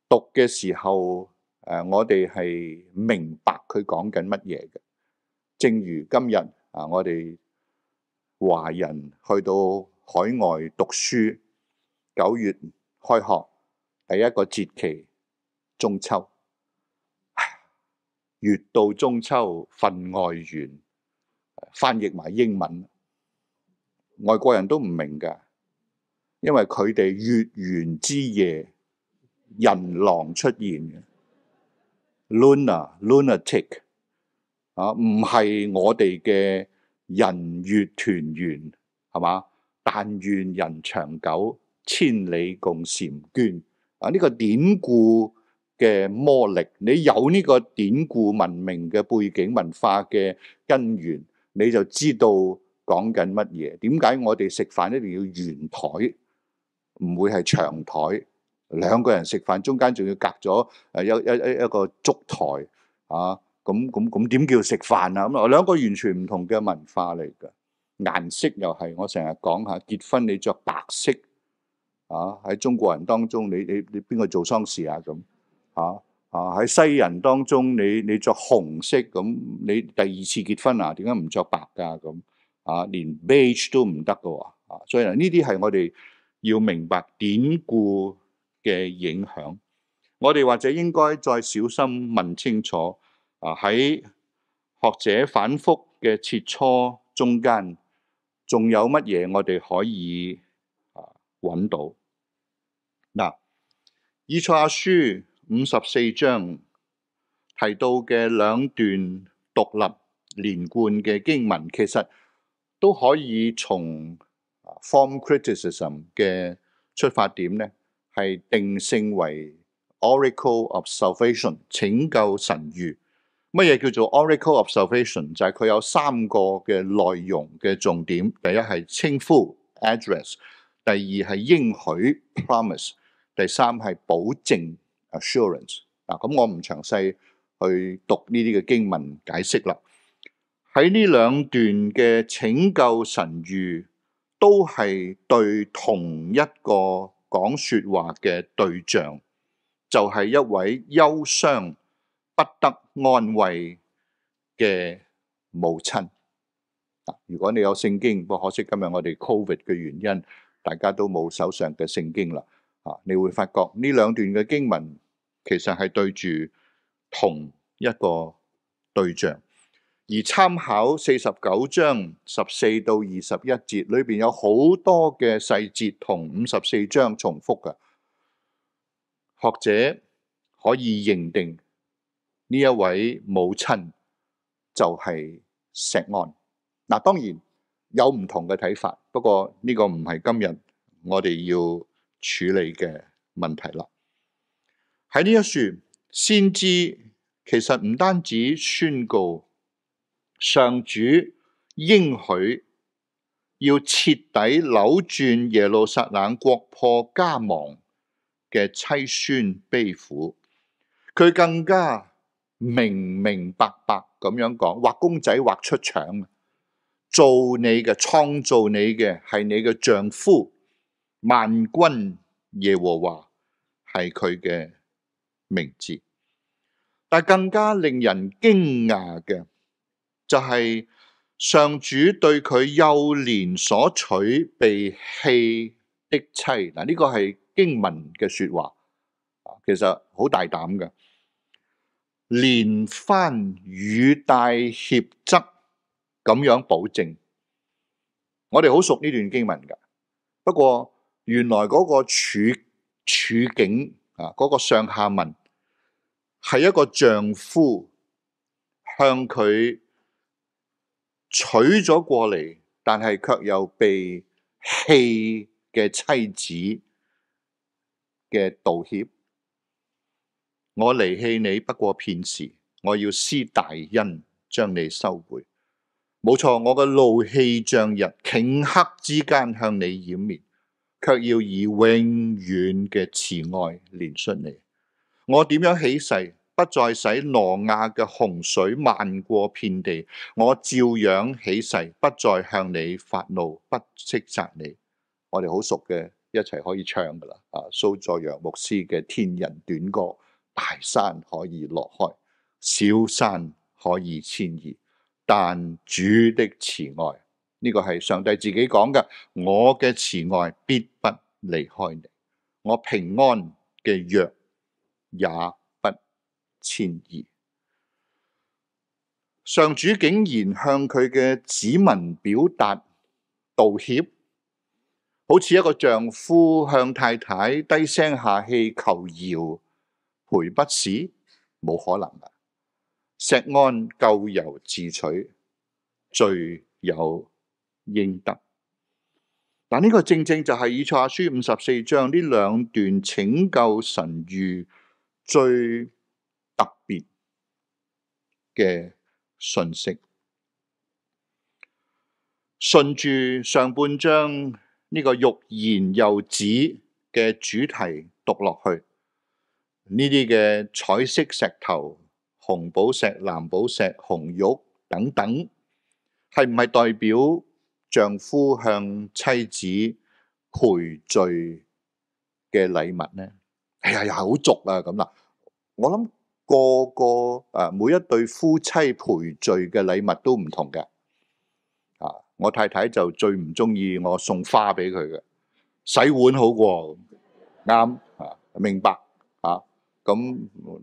讀嘅時候，誒、呃，我哋係明白佢講緊乜嘢嘅。正如今日啊、呃，我哋華人去到海外讀書，九月開學第一個節期中秋。月到中秋份外圓，翻譯埋英文，外國人都唔明嘅，因為佢哋月圓之夜人狼出現嘅 Luna lunatic 啊，唔係我哋嘅人月團圓，係嘛？但願人長久，千里共嬋娟啊！呢、呢個典故。嘅魔力，你有呢個典故文明嘅背景文化嘅根源，你就知道講緊乜嘢。點解我哋食飯一定要圓台，唔會係長台？兩個人食飯中間仲要隔咗誒，有一一一個竹台啊？咁咁咁點叫食飯啊？咁啊，兩個完全唔同嘅文化嚟㗎。顏色又係，我成日講下結婚你著白色啊，喺中國人當中，你你你邊個做喪事啊？咁。啊啊！喺西人當中你，你你著紅色咁，你第二次結婚啊？點解唔着白噶、啊、咁？啊，連 beige 都唔得嘅喎！啊，所以呢啲係我哋要明白典故嘅影響。我哋或者應該再小心問清楚啊！喺學者反覆嘅切磋中間，仲有乜嘢我哋可以啊揾到？嗱、啊，以賽亞書。五十四章提到嘅兩段獨立連貫嘅經文，其實都可以從 form criticism 嘅出發點咧，係定性為 oracle of salvation 拯救神諭。乜嘢叫做 oracle of salvation？就係佢有三個嘅內容嘅重點：第一係稱呼 address，第二係應許 promise，第三係保證。assurance，嗱，咁我唔詳細去讀呢啲嘅經文解釋啦。喺呢兩段嘅拯救神諭，都係對同一個講說話嘅對象，就係一位憂傷不得安慰嘅母親。嗱，如果你有聖經，不過可惜今日我哋 COVID 嘅原因，大家都冇手上嘅聖經啦。啊，你會發覺呢兩段嘅經文。其實係對住同一個對象，而參考四十九章十四到二十一節，裏邊有好多嘅細節同五十四章重複嘅，學者可以認定呢一位母親就係錫安。嗱，當然有唔同嘅睇法，不過呢個唔係今日我哋要處理嘅問題啦。喺呢一串先知，其實唔單止宣告上主應許要徹底扭轉耶路撒冷國破家亡嘅淒酸悲苦，佢更加明明白白咁樣講：畫公仔畫出腸，做你嘅創造你嘅係你嘅丈夫萬軍耶和華，係佢嘅。名字，但更加令人驚訝嘅就係、是、上主對佢幼年所娶被棄的妻嗱，呢、這個係經文嘅說話，其實好大膽嘅，連番語帶譴責咁樣保證。我哋好熟呢段經文噶，不過原來嗰個處處境啊，嗰、那個上下文。係一個丈夫向佢娶咗過嚟，但係卻又被棄嘅妻子嘅道歉。我離棄你，不過片時，我要施大恩，將你收回。冇錯，我嘅怒氣漲溢，頃刻之間向你掩面，卻要以永遠嘅慈愛憐恤你。我點樣起誓，不再使挪亞嘅洪水漫過遍地。我照樣起誓，不再向你發怒，不斥責你。我哋好熟嘅，一齊可以唱㗎喇。啊，蘇佐揚牧師嘅天人短歌，大山可以落開，小山可以遷移，但主的慈愛呢，這個係上帝自己講嘅，我嘅慈愛必不離開你，我平安嘅約。也不謙儀，上主竟然向佢嘅子民表達道歉，好似一個丈夫向太太低聲下氣求饒，賠不是，冇可能噶、啊。錫安咎由自取，罪有應得。嗱，呢個正正就係以賽亞書五十四章呢兩段拯救神諭。最特別嘅信息，順住上半章呢、這個欲言又止嘅主題讀落去，呢啲嘅彩色石頭、紅寶石、藍寶石、紅玉等等，係唔係代表丈夫向妻子賠罪嘅禮物呢？哎呀呀，好俗啊！咁嗱，我諗個個啊，每一對夫妻賠罪嘅禮物都唔同嘅。啊，我太太就最唔中意我送花俾佢嘅，洗碗好過，啱啊，啊，明白啊？咁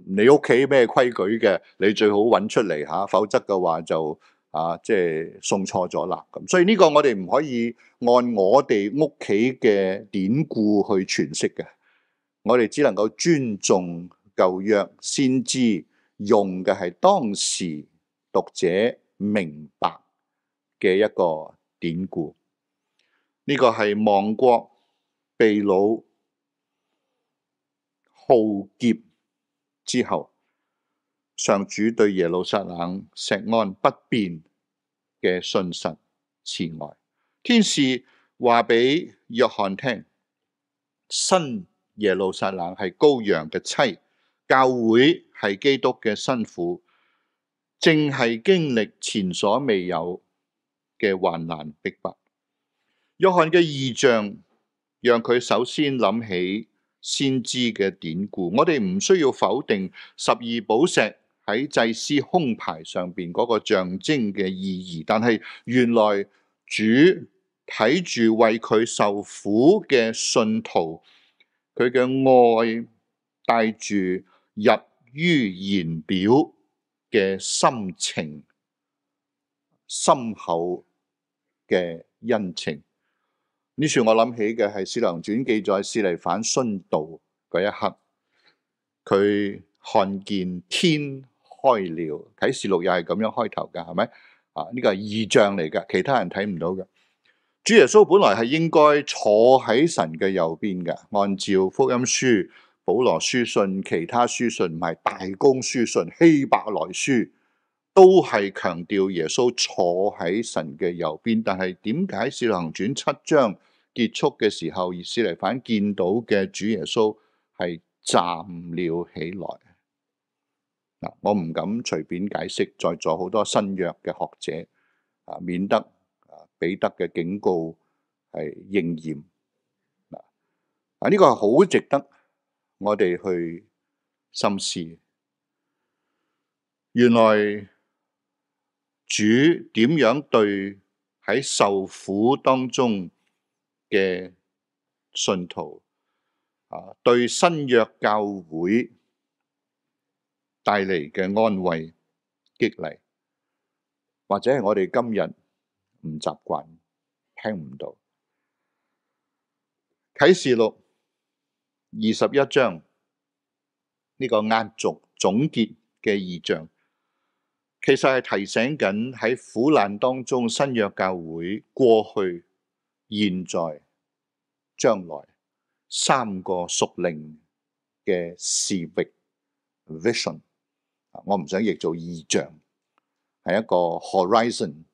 你屋企咩規矩嘅？你最好搵出嚟吓，啊，否則嘅話就啊，即係送錯咗啦。咁，啊、所以呢個我哋唔可以按我哋屋企嘅典故去詮釋嘅。我哋只能夠尊重舊約，先知用嘅係當時讀者明白嘅一個典故。呢、這個係亡國被俘浩劫之後，上主對耶路撒冷石岸不變嘅信實慈愛。天使話畀約翰聽，新。耶路撒冷係羔羊嘅妻，教會係基督嘅新婦，正係經歷前所未有嘅患難逼迫。約翰嘅異象讓佢首先諗起先知嘅典故。我哋唔需要否定十二寶石喺祭司胸牌上邊嗰個象徵嘅意義，但係原來主睇住為佢受苦嘅信徒。佢嘅愛帶住溢於言表嘅深情、深厚嘅恩情。呢處我諗起嘅係《使徒行傳》記載，司提反殉道嗰一刻，佢看見天開了，《啟示錄》又係咁樣開頭噶，係咪？啊，呢、這個係異象嚟噶，其他人睇唔到噶。主耶穌本來係應該坐喺神嘅右邊嘅，按照福音書、保羅書信、其他書信，唔係大公書信、希伯來書，都係強調耶穌坐喺神嘅右邊。但係點解《使徒行傳》七章結束嘅時候，司提反見到嘅主耶穌係站了起來？嗱，我唔敢隨便解釋，在座好多新約嘅學者啊，免得。彼得嘅警告係應驗喇啊，呢個係好值得我哋去深思。原來主點樣對喺受苦當中嘅信徒啊，對新約教會帶嚟嘅安慰、激勵，或者係我哋今日。唔習慣，聽唔到。啟示錄二十一章呢、這個壓軸總結嘅異象，其實係提醒緊喺苦難當中新約教會過去、現在、將來三個屬靈嘅視域 vision。我唔想譯做異象，係一個 horizon。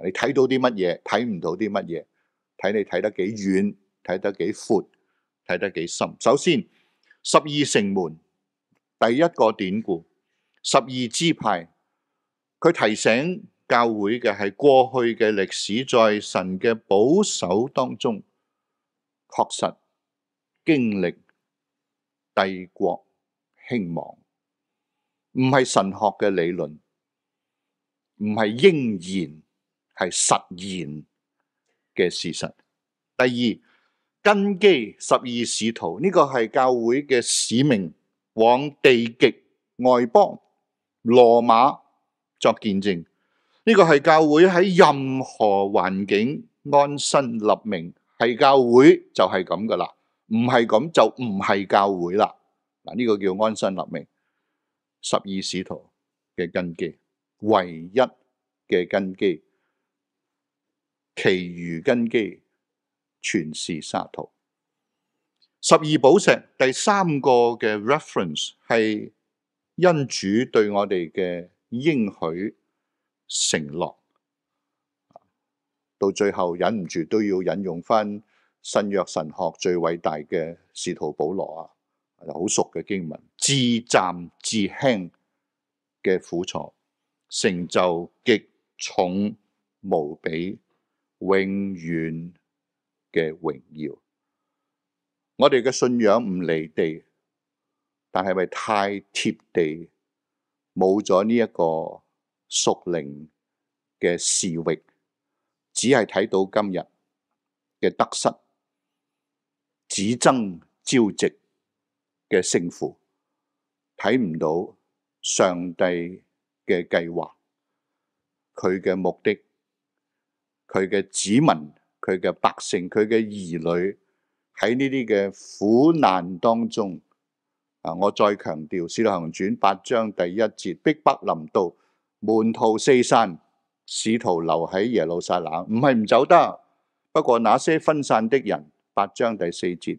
你睇到啲乜嘢？睇唔到啲乜嘢？睇你睇得幾遠？睇得幾闊？睇得幾深？首先，十二城門，第一個典故，十二支派，佢提醒教會嘅係過去嘅歷史，在神嘅保守當中，確實經歷帝國興亡，唔係神學嘅理論，唔係應然。係實現嘅事實。第二根基，十二使徒呢個係教會嘅使命，往地極外邦羅馬作見證。呢個係教會喺任何環境安身立命，係教會就係咁噶啦。唔係咁就唔係教會啦。嗱，呢個叫安身立命。十二使徒嘅根基，唯一嘅根基。其餘根基全是沙土。十二寶石第三個嘅 reference 係因主對我哋嘅應許承諾，到最後忍唔住都要引用翻新約神學最偉大嘅使徒保羅啊，好熟嘅經文，自暫自輕嘅苦楚，成就極重無比。永遠嘅榮耀，我哋嘅信仰唔離地，但係咪太貼地？冇咗呢一個屬靈嘅視域，只係睇到今日嘅得失，只爭朝夕嘅勝負，睇唔到上帝嘅計劃，佢嘅目的。佢嘅子民、佢嘅百姓、佢嘅兒女喺呢啲嘅苦難當中啊！我再強調《使徒行傳》八章第一節：逼迫臨到，門徒四散，使徒留喺耶路撒冷。唔係唔走得，不過那些分散的人，八章第四節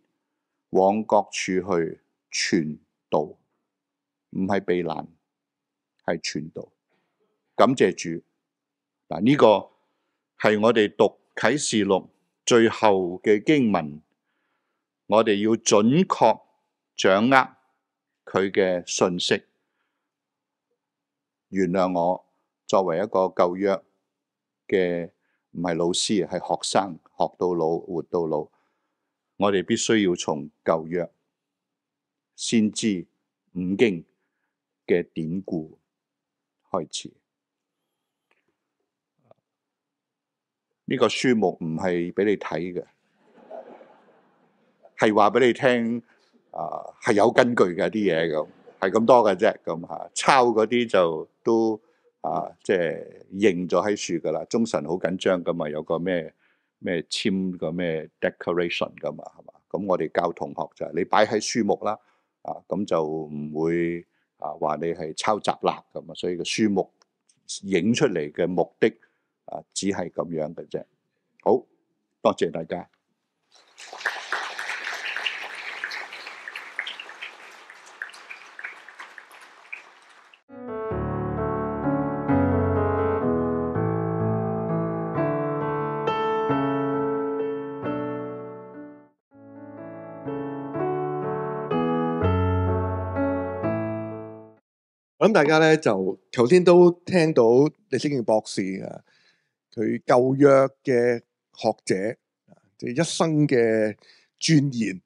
往各處去傳道，唔係避難，係傳道。感謝主嗱呢個。係我哋讀啟示錄最後嘅經文，我哋要準確掌握佢嘅信息。原諒我作為一個舊約嘅，唔係老師，係學生，學到老，活到老，我哋必須要從舊約先知五經嘅典故開始。呢個書目唔係俾你睇嘅，係話俾你聽啊，係、呃、有根據嘅啲嘢咁，係咁多嘅啫咁吓，抄嗰啲就都啊，即係認咗喺書噶啦，中神好緊張噶嘛，有個咩咩簽個咩 decoration 噶嘛係嘛，咁、嗯、我哋教同學就係、是、你擺喺書目啦，啊咁、嗯、就唔會啊話你係抄襲啦咁啊，所以個書目影出嚟嘅目的。啊，只係咁樣嘅啫。好多謝大家。 我諗大家咧，就頭先都聽到李星敬博士啊。佢舊約嘅學者，即係一生嘅鑽研，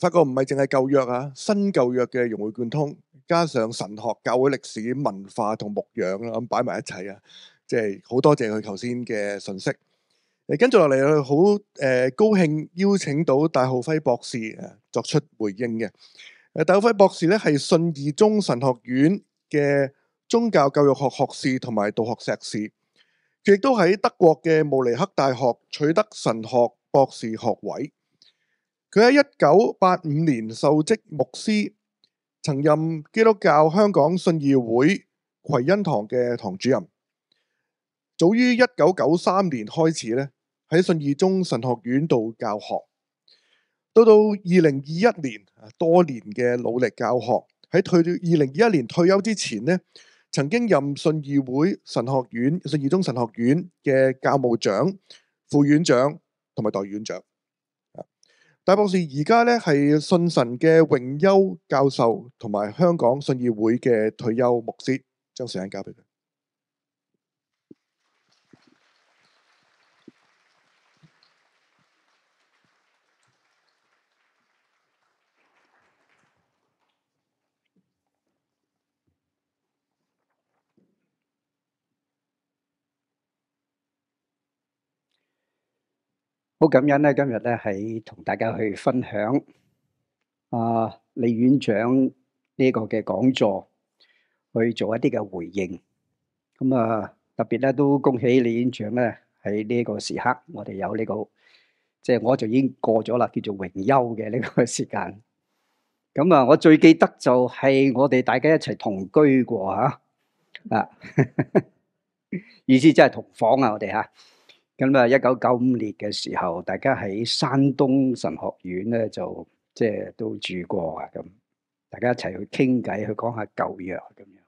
發覺唔係淨係舊約啊，新舊約嘅融會貫通，加上神學、教會歷史、文化同牧養啦，咁擺埋一齊啊！即係好多謝佢頭先嘅信息。嚟跟住落嚟，我好誒高興邀請到戴浩輝博士誒作出回應嘅。戴浩輝博士咧，係信義宗神學院嘅宗教教育學學士同埋道學碩士。佢亦都喺德國嘅慕尼黑大學取得神學博士學位。佢喺一九八五年受職牧師，曾任基督教香港信義會葵欣堂嘅堂主任。早於一九九三年開始咧喺信義宗神學院度教學，到到二零二一年多年嘅努力教學，喺退二零二一年退休之前呢。曾經任信義會神學院、信義中神學院嘅教務長、副院長同埋代院長，戴博士而家咧係信神嘅榮休教授，同埋香港信義會嘅退休牧師，將時間交俾佢。好感恩咧，今日咧喺同大家去分享阿李院長呢個嘅講座，去做一啲嘅回應。咁啊，特別咧都恭喜李院長咧喺呢個時刻，我哋有呢個即係我就已經過咗啦，叫做榮休嘅呢個時間。咁啊，我最記得就係我哋大家一齊同居過吓啊，意思即係同房啊，我哋吓。咁啊，一九九五年嘅時候，大家喺山東神學院咧，就即係都住過啊。咁大家一齊去傾偈，去講下舊約咁樣。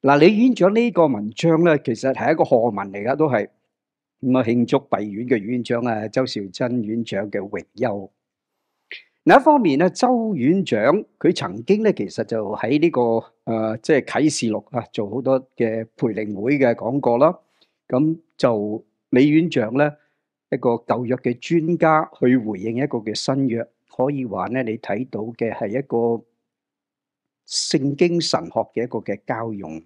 嗱，李院長呢個文章咧，其實係一個賀文嚟㗎，都係咁啊慶祝閉院嘅院長啊，周兆珍院長嘅榮休。另一方面咧，周院長佢曾經咧，其實就喺呢個誒，即係啟示錄啊，做好多嘅培靈會嘅講過啦。咁就。李院長咧，一個舊約嘅專家去回應一個嘅新約，可以話咧，你睇到嘅係一個聖經神學嘅一個嘅交融。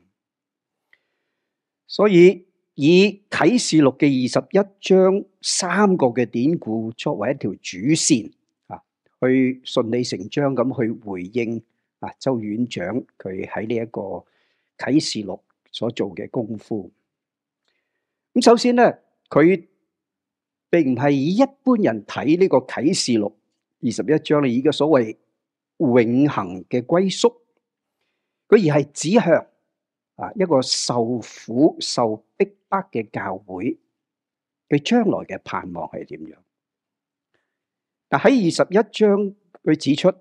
所以以啟示錄嘅二十一章三個嘅典故作為一條主線啊，去順理成章咁去回應啊周院長佢喺呢一個啟示錄所做嘅功夫。咁首先咧。佢並唔係以一般人睇呢個啟示錄二十一章咧，以個所謂永恒嘅歸宿，佢而係指向啊一個受苦受逼迫嘅教會，佢將來嘅盼望係點樣？嗱喺二十一章佢指出，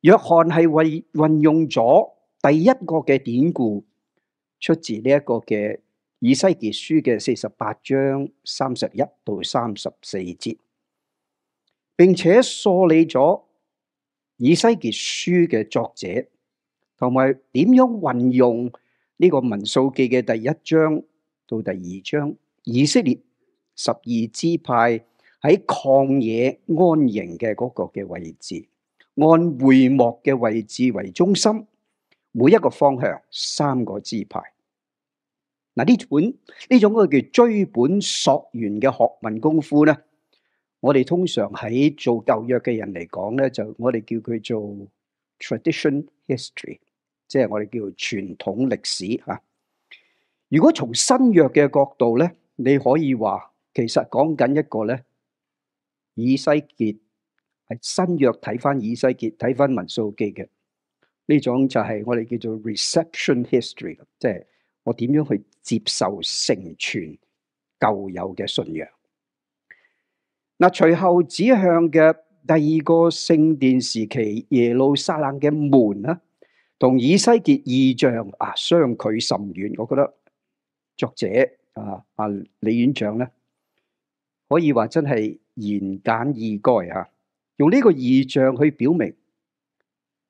約翰係為運用咗第一個嘅典故出自呢一個嘅。以西結書嘅四十八章三十一到三十四節，並且梳理咗以西結書嘅作者同埋點樣運用呢個民數記嘅第一章到第二章以色列十二支派喺曠野安營嘅嗰個嘅位置，按會幕嘅位置為中心，每一個方向三個支派。嗱呢本呢種個叫追本溯源嘅學問功夫咧，我哋通常喺做舊約嘅人嚟講咧，就我哋叫佢做 tradition history，即係我哋叫做傳統歷史吓、啊。如果從新約嘅角度咧，你可以話其實講緊一個咧，以西結係新約睇翻以西結睇翻民數記嘅呢種就係我哋叫做 reception history 即係。我點樣去接受成全舊有嘅信仰？嗱，隨後指向嘅第二個聖殿時期耶路撒冷嘅門啊，同以西結異象啊相距甚遠。我覺得作者啊啊李院長咧，可以話真係言簡意賅啊，用呢個異象去表明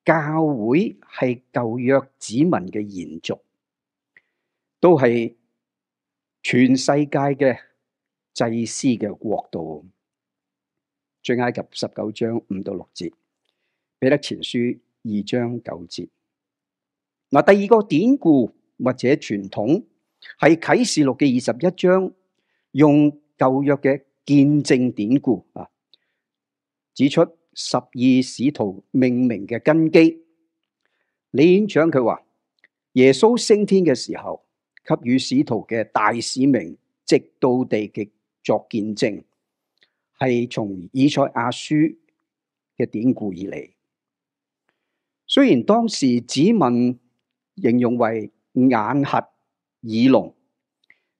教會係舊約子民嘅延續。都係全世界嘅祭司嘅國度，出埃及十九章五到六節，彼得前書二章九節。嗱，第二個典故或者傳統係啟示錄嘅二十一章，用舊約嘅見證典故啊，指出十二使徒命名嘅根基。李院長佢話耶穌升天嘅時候。給予使徒嘅大使命，直到地極作見證，係從以賽亞書嘅典故而嚟。雖然當時子民形容為眼瞎耳，耳聾，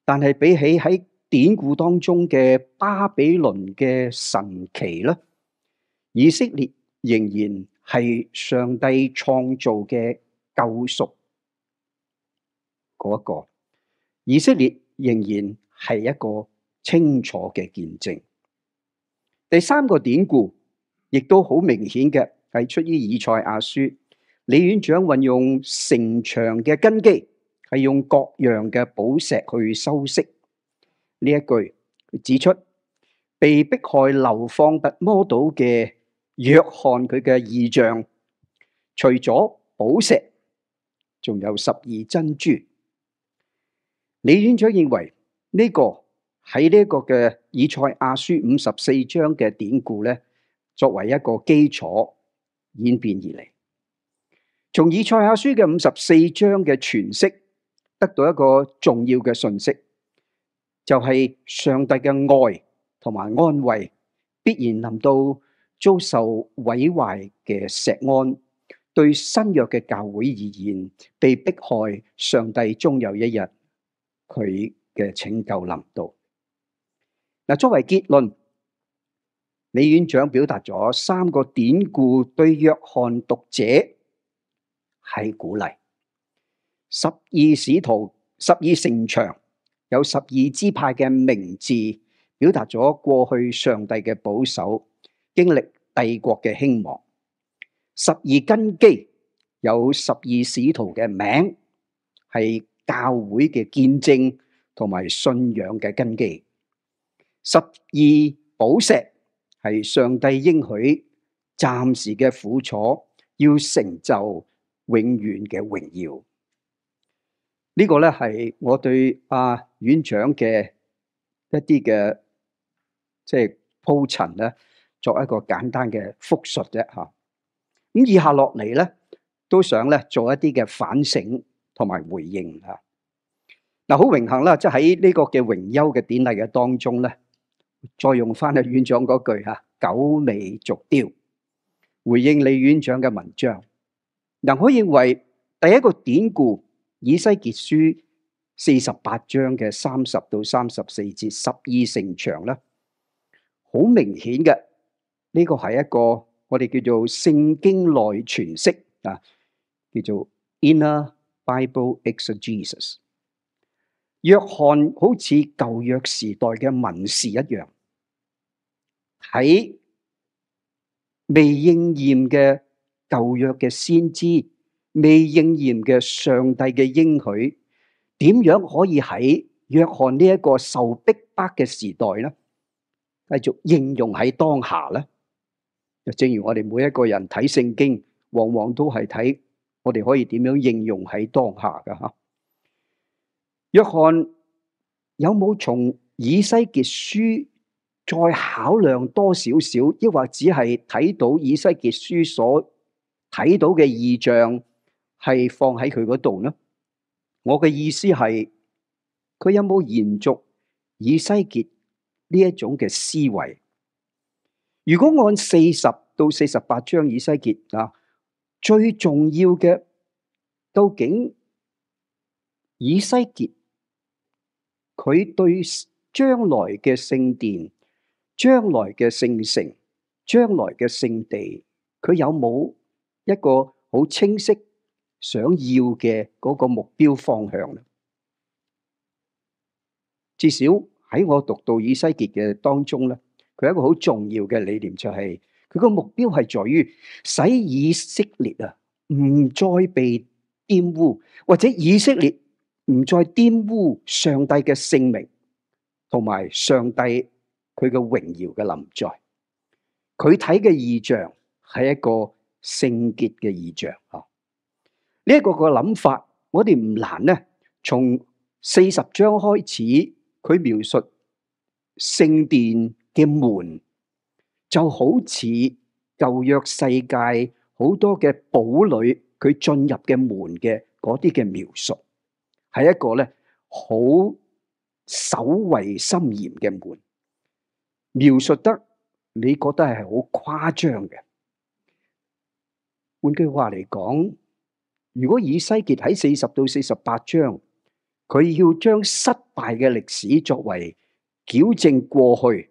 但係比起喺典故當中嘅巴比倫嘅神奇咧，以色列仍然係上帝創造嘅救贖嗰一個。以色列仍然係一個清楚嘅見證。第三個典故亦都好明顯嘅，係出於以賽亞書。李院長運用城牆嘅根基，係用各樣嘅寶石去修飾呢一句。佢指出，被迫害流放拔摩島嘅約翰佢嘅異象，除咗寶石，仲有十二珍珠。李院長認為呢、這個喺呢個嘅以賽亞書五十四章嘅典故咧，作為一個基礎演變而嚟。從以賽亞書嘅五十四章嘅詮釋，得到一個重要嘅信息，就係、是、上帝嘅愛同埋安慰必然臨到遭受毀壞嘅錫安。對新約嘅教會而言，被迫害，上帝終有一日，佢嘅拯救力度。嗱，作為結論，李院長表達咗三個典故對約翰讀者係鼓勵。十二使徒、十二城牆有十二支派嘅名字，表達咗過去上帝嘅保守經歷帝國嘅興亡。十二根基有十二使徒嘅名係。教會嘅見證同埋信仰嘅根基，十二寶石係上帝應許暫時嘅苦楚，要成就永遠嘅榮耀呢。呢個咧係我對阿、啊、院長嘅一啲嘅即係鋪陳咧，作一個簡單嘅複述啫吓。咁、啊、以下落嚟咧，都想咧做一啲嘅反省。同埋回應啊！嗱，好榮幸啦，即喺呢個嘅榮休嘅典禮嘅當中咧，再用翻啊院長嗰句吓“狗尾續貂”回應李院長嘅文章。嗱，我認為第一個典故《以西結書》四十八章嘅三十到三十四節，十二成長啦，好明顯嘅呢個係一個我哋叫做聖經內詮釋啊，叫做 inner。Bible Exegesis，約翰好似舊約時代嘅文士一樣，喺未應驗嘅舊約嘅先知，未應驗嘅上帝嘅應許，點樣可以喺約翰呢一個受逼迫嘅時代咧，繼續應用喺當下咧？就正如我哋每一個人睇聖經，往往都係睇。我哋可以點樣應用喺當下噶？哈，約翰有冇從以西結書再考量多少少，抑或只係睇到以西結書所睇到嘅異象，係放喺佢嗰度呢？我嘅意思係，佢有冇延續以西結呢一種嘅思維？如果按四十到四十八章以西結啊？最重要嘅，究竟以西結佢對將來嘅聖殿、將來嘅聖城、將來嘅聖地，佢有冇一個好清晰想要嘅嗰個目標方向咧？至少喺我讀到以西結嘅當中咧，佢一個好重要嘅理念就係、是。佢個目標係在於使以色列啊唔再被玷污，或者以色列唔再玷污上帝嘅聖名，同埋上帝佢嘅榮耀嘅臨在。佢睇嘅異象係一個聖潔嘅異象啊！呢、這、一個嘅諗法，我哋唔難呢。從四十章開始，佢描述聖殿嘅門。就好似舊約世界好多嘅堡壘，佢進入嘅門嘅嗰啲嘅描述，係一個咧好守衛森嚴嘅門。描述得你覺得係好誇張嘅。換句話嚟講，如果以西結喺四十到四十八章，佢要將失敗嘅歷史作為矯正過去。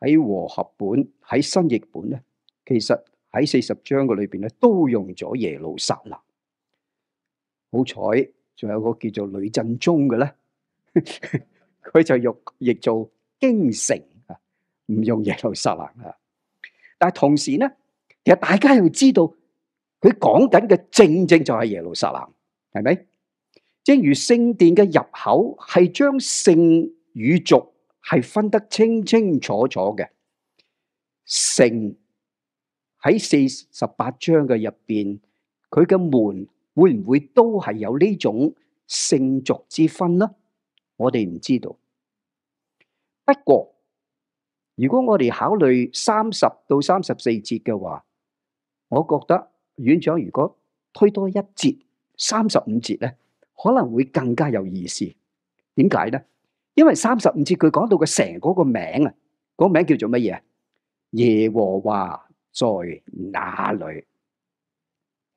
喺和合本、喺新譯本咧，其實喺四十章嘅裏邊咧，都用咗耶路撒冷。好彩，仲有個叫做呂振中嘅咧，佢 就用譯做京城啊，唔用耶路撒冷啊。但係同時呢，其實大家要知道，佢講緊嘅正正就係耶路撒冷，係咪？正如聖殿嘅入口係將聖與俗。係分得清清楚楚嘅，聖喺四十八章嘅入邊，佢嘅門會唔會都係有呢種聖俗之分呢？我哋唔知道。不過如果我哋考慮三十到三十四節嘅話，我覺得院長如果推多一節三十五節呢，可能會更加有意思。點解呢？因為三十五節佢講到個成嗰個名啊，個名叫做乜嘢？耶和華在哪裡？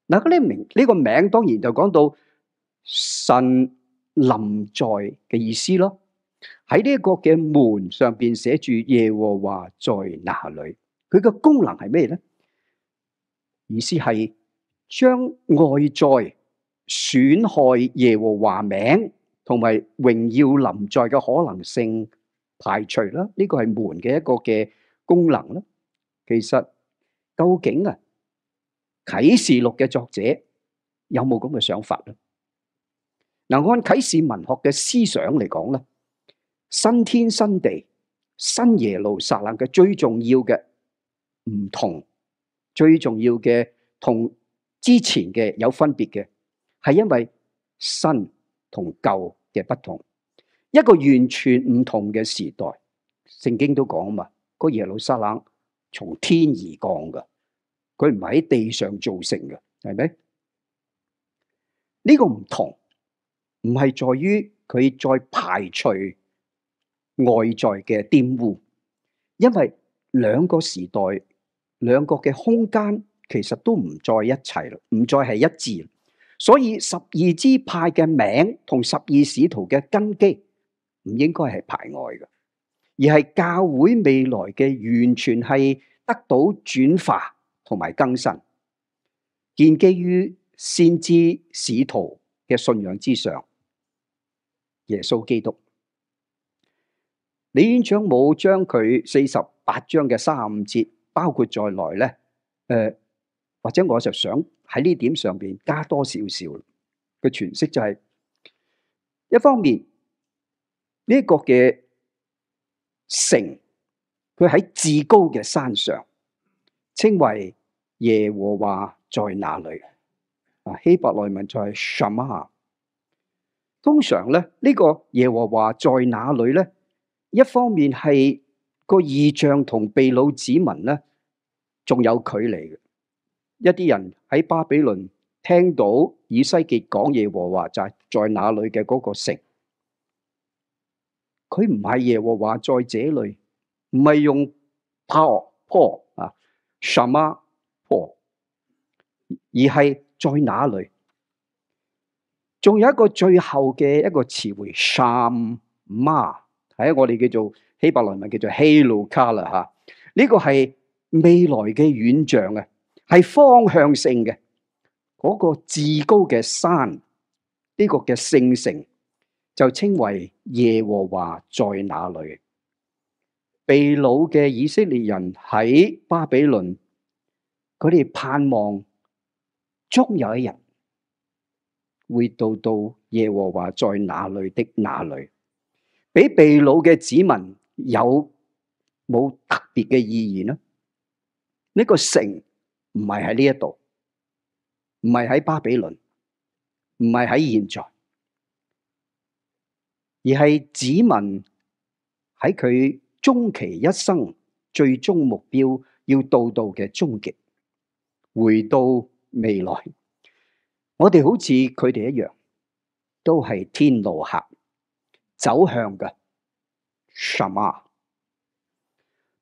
嗱，呢名呢個名當然就講到神臨在嘅意思咯。喺呢個嘅門上邊寫住耶和華在哪裡，佢嘅功能係咩咧？意思係將外在損害耶和華名同埋榮耀臨在嘅可能性排除啦，呢個係門嘅一個嘅功能啦。其實究竟啊，《啟示錄》嘅作者有冇咁嘅想法咧？嗱，按啟示文學嘅思想嚟講咧，新天新地、新耶路撒冷嘅最重要嘅唔同，最重要嘅同之前嘅有分別嘅，係因為新同舊。嘅不同，一個完全唔同嘅時代，聖經都講啊嘛，個耶路撒冷從天而降噶，佢唔係喺地上造成嘅，係咪？呢、這個唔同，唔係在於佢再排除外在嘅玷污，因為兩個時代、兩個嘅空間，其實都唔再一齊啦，唔再係一致。所以十二支派嘅名同十二使徒嘅根基唔應該係排外嘅，而係教會未來嘅完全係得到轉化同埋更新，建基於先知使徒嘅信仰之上。耶穌基督，李院長冇將佢四十八章嘅三五節包括在內咧。誒、呃，或者我就想。喺呢點上邊加多少少？佢詮釋就係一方面呢一個嘅城，佢喺至高嘅山上，稱為耶和華在哪裏？啊希伯來文就係 Shama。通常咧呢個耶和華在哪裏咧？一方面係個異象同秘魯子民咧，仲有距離嘅。一啲人喺巴比倫聽到以西結講耶和華就係、是、在哪裏嘅嗰個城，佢唔係耶和華在這裏，唔係用托坡啊什麼坡，而係在哪裏？仲有一個最後嘅一個詞彙，沙瑪喺我哋叫做希伯來文叫做希路卡啦吓，呢、這個係未來嘅遠象啊！係方向性嘅，嗰、那個至高嘅山，呢、這個嘅聖城就稱為耶和華在哪裡？被擄嘅以色列人喺巴比倫，佢哋盼望終有一日會到到耶和華在哪裡的哪裡，俾被擄嘅子民有冇特別嘅意義呢？呢、這個城？唔係喺呢一度，唔係喺巴比倫，唔係喺現在，而係指民喺佢終其一生最終目標要到到嘅終極，回到未來。我哋好似佢哋一樣，都係天路客，走向嘅什麼？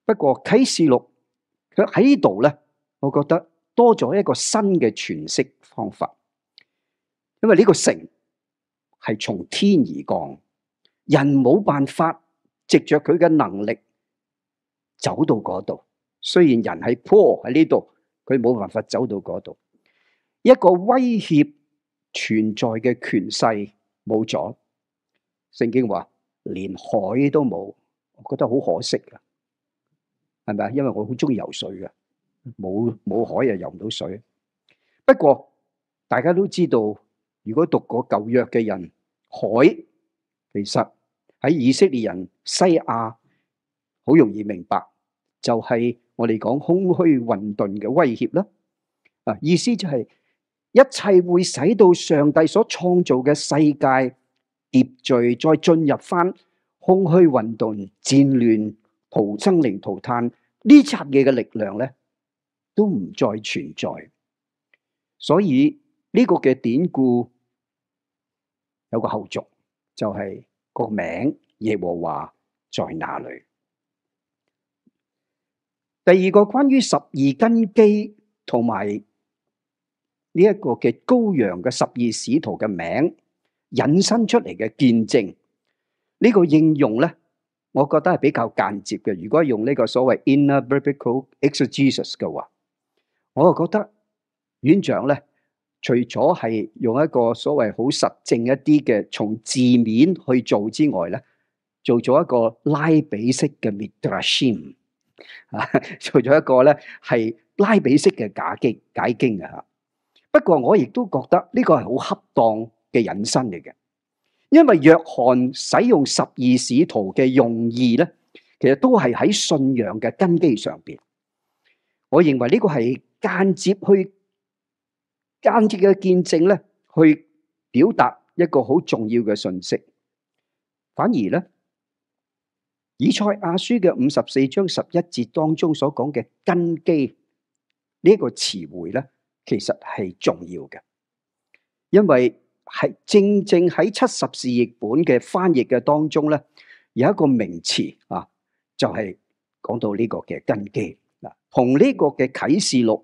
不過啟示錄佢喺呢度咧。我覺得多咗一個新嘅詮釋方法，因為呢個城係從天而降，人冇辦法藉着佢嘅能力走到嗰度。雖然人係坡喺呢度，佢冇辦法走到嗰度。一個威脅存在嘅權勢冇咗，聖經話連海都冇，我覺得好可惜㗎，係咪啊？因為我好中意游水㗎。冇冇海就游唔到水。不過大家都知道，如果讀過舊約嘅人，海其實喺以色列人西亞好容易明白，就係、是、我哋講空虛混沌嘅威脅啦。啊，意思就係、是、一切會使到上帝所創造嘅世界秩序再進入翻空虛混沌戰亂，塗生靈塗炭呢啲嘢嘅力量咧？都唔再存在，所以呢個嘅典故有個後續，就係、是、個名耶和華在哪裏。第二個關於十二根基同埋呢一個嘅羔羊嘅十二使徒嘅名引申出嚟嘅見證，呢、這個應用咧，我覺得係比較間接嘅。如果用呢個所謂 inner biblical exegesis 嘅話。我又覺得，院長咧，除咗係用一個所謂好實證一啲嘅，從字面去做之外咧，做咗一個拉比式嘅 midrashim 啊，做咗一個咧係拉比式嘅解經解經嘅嚇。不過我亦都覺得呢個係好恰當嘅引申嚟嘅，因為約翰使用十二使徒嘅用意咧，其實都係喺信仰嘅根基上邊。我認為呢個係。間接去間接嘅見證咧，去表達一個好重要嘅信息。反而咧，以賽亞書嘅五十四章十一節當中所講嘅根基呢個詞彙咧，其實係重要嘅，因為係正正喺七十士譯本嘅翻譯嘅當中咧，有一個名詞啊，就係、是、講到呢個嘅根基嗱，同呢個嘅啟示錄。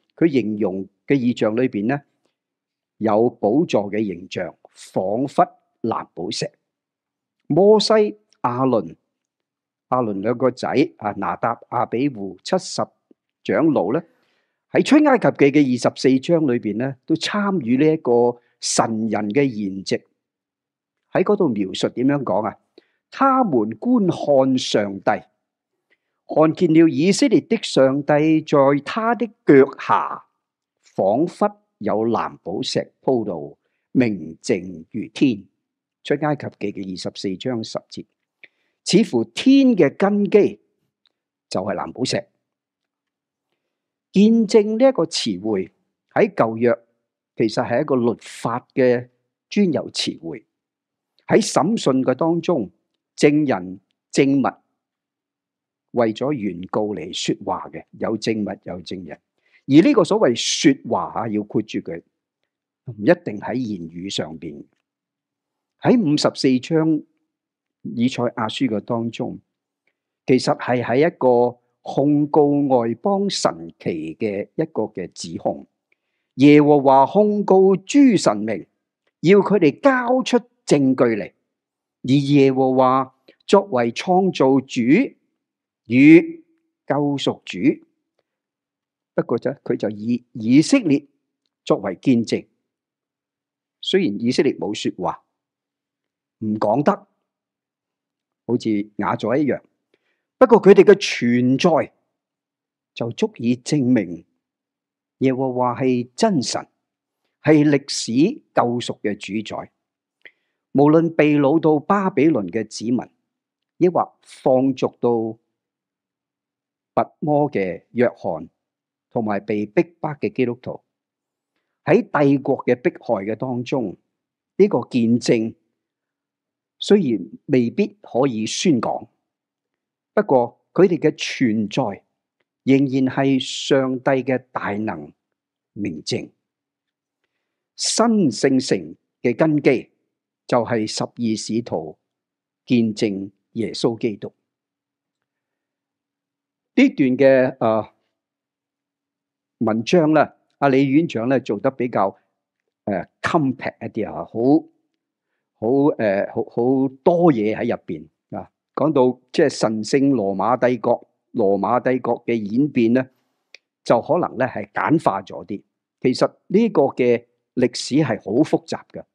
佢形容嘅意象裏邊咧，有寶座嘅形象，仿佛藍寶石。摩西、亞倫、亞倫兩個仔啊，拿答、亞比戶、七十長老咧，喺出埃及記嘅二十四章裏邊咧，都參與呢一個神人嘅筵席。喺嗰度描述點樣講啊？他們觀看上帝。看見了以色列的上帝，在他的腳下，仿佛有藍寶石鋪道，明淨如天。出埃及記嘅二十四章十節，似乎天嘅根基就係藍寶石。見證呢一個詞彙喺舊約，其實係一個律法嘅專有詞彙，喺審訊嘅當中，證人、證物。為咗原告嚟說話嘅，有證物有證人，而呢個所謂說話啊，要括住佢，唔一定喺言語上邊。喺五十四章以賽亞書嘅當中，其實係喺一個控告外邦神祇嘅一個嘅指控。耶和華控告諸神明，要佢哋交出證據嚟，而耶和華作為創造主。與救贖主，不過就佢就以以色列作為見證，雖然以色列冇說話，唔講得，好似啞咗一樣，不過佢哋嘅存在就足以證明耶和華係真神，係歷史救贖嘅主宰。無論被擄到巴比倫嘅子民，抑或放逐到。撒摩嘅約翰同埋被逼迫嘅基督徒，喺帝國嘅迫害嘅當中，呢個見證雖然未必可以宣講，不過佢哋嘅存在仍然係上帝嘅大能明證。新聖城嘅根基就係十二使徒見證耶穌基督。呢段嘅，誒、呃、文章咧，阿李院長咧做得比較誒 compact 一啲啊，好好誒好好多嘢喺入邊啊，講到即係神聖羅馬帝國、羅馬帝國嘅演變咧，就可能咧係簡化咗啲。其實呢個嘅歷史係好複雜嘅，誒、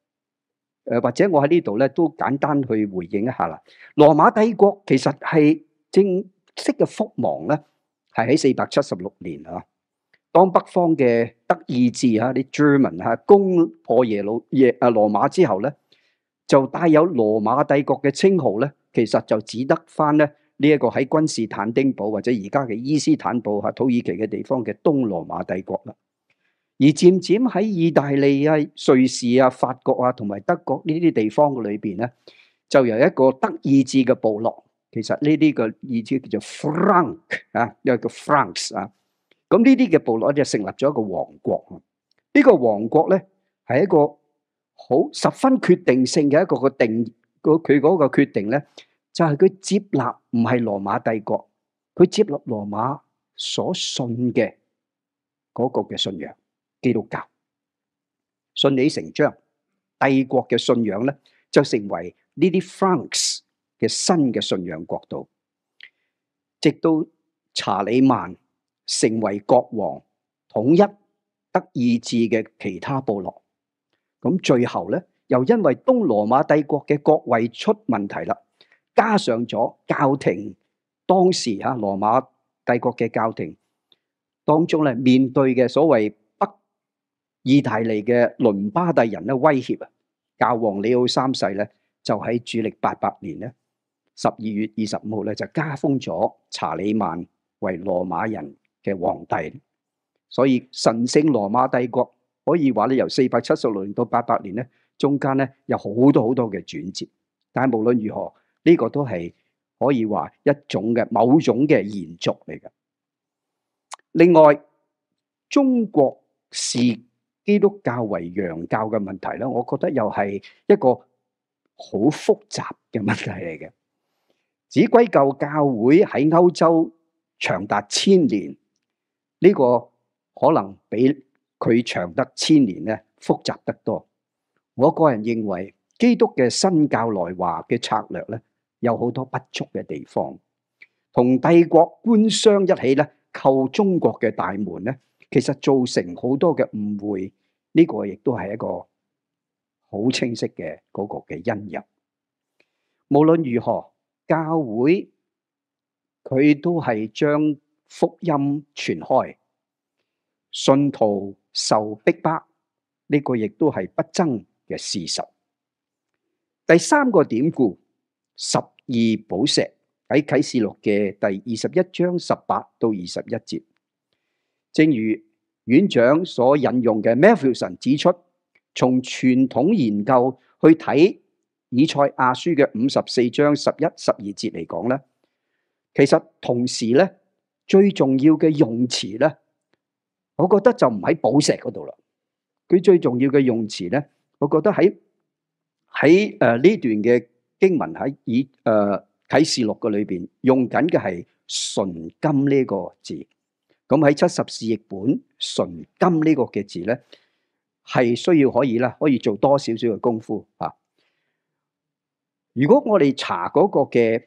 呃、或者我喺呢度咧都簡單去回應一下啦。羅馬帝國其實係正。即嘅覆亡咧，係喺四百七十六年啊，當北方嘅德意志啊，啲 German 啊攻破耶路耶啊羅馬之後咧，就帶有羅馬帝國嘅稱號咧，其實就只得返咧呢一個喺君士坦丁堡或者而家嘅伊斯坦堡啊土耳其嘅地方嘅東羅馬帝國啦。而漸漸喺意大利啊、瑞士啊、法國啊同埋德國呢啲地方嘅裏邊咧，就由一個德意志嘅部落。其實呢啲個意思叫做 Frank 啊，又叫 Franks 啊。咁呢啲嘅部落就成立咗一個王國。呢、這個王國咧係一個好十分決定性嘅一個個定個佢嗰個決定咧，就係佢接納唔係羅馬帝國，佢接納羅馬所信嘅嗰個嘅信仰基督教，順理成章，帝國嘅信仰咧就成為呢啲 Franks。新嘅信仰國度，直到查理曼成為國王，統一德意志嘅其他部落。咁最後咧，又因為東羅馬帝國嘅國位出問題啦，加上咗教廷當時吓羅馬帝國嘅教廷當中咧面對嘅所謂北意大利嘅倫巴第人咧威脅啊，教皇里奧三世咧就喺主曆八百年咧。十二月二十五號咧就加封咗查理曼為羅馬人嘅皇帝，所以神聖羅馬帝國可以話咧由四百七十六年到八百年咧中間咧有好多好多嘅轉折，但係無論如何呢個都係可以話一種嘅某種嘅延續嚟嘅。另外，中國視基督教為洋教嘅問題咧，我覺得又係一個好複雜嘅問題嚟嘅。只歸咎教會喺歐洲長達千年，呢個可能比佢長達千年咧複雜得多。我個人認為基督嘅新教來華嘅策略咧，有好多不足嘅地方，同帝國官商一起咧扣中國嘅大門咧，其實造成好多嘅誤會。呢個亦都係一個好清晰嘅嗰個嘅因由。無論如何。教會佢都係將福音傳開，信徒受逼迫，呢、這個亦都係不爭嘅事實。第三個典故，十二寶石喺啟示錄嘅第二十一章十八到二十一節，正如院長所引用嘅 Matthewson 指出，從傳統研究去睇。以賽亞書嘅五十四章十一、十二節嚟講咧，其實同時咧最重要嘅用詞咧，我覺得就唔喺寶石嗰度啦。佢最重要嘅用詞咧，我覺得喺喺誒呢段嘅經文喺以誒啟示錄嘅裏邊用緊嘅係純金呢個字。咁喺七十士譯本純金個呢個嘅字咧，係需要可以啦，可以做多少少嘅功夫啊！如果我哋查嗰個嘅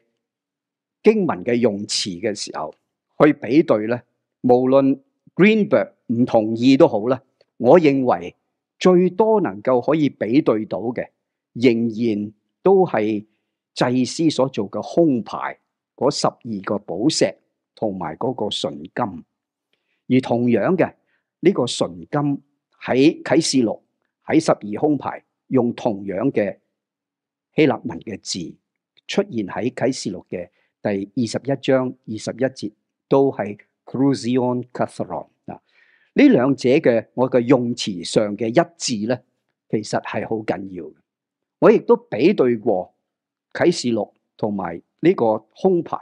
經文嘅用詞嘅時候，去比對咧，無論 Greenberg 唔同意都好啦，我認為最多能夠可以比對到嘅，仍然都係祭司所做嘅胸牌嗰十二個寶石同埋嗰個純金，而同樣嘅呢、這個純金喺啟示錄喺十二胸牌用同樣嘅。希臘文嘅字出現喺啟示錄嘅第二十一章二十一節，都係 Cruzion Catharon 嗱。呢兩者嘅我嘅用詞上嘅一致咧，其實係好緊要嘅。我亦都比對過啟示錄同埋呢個空牌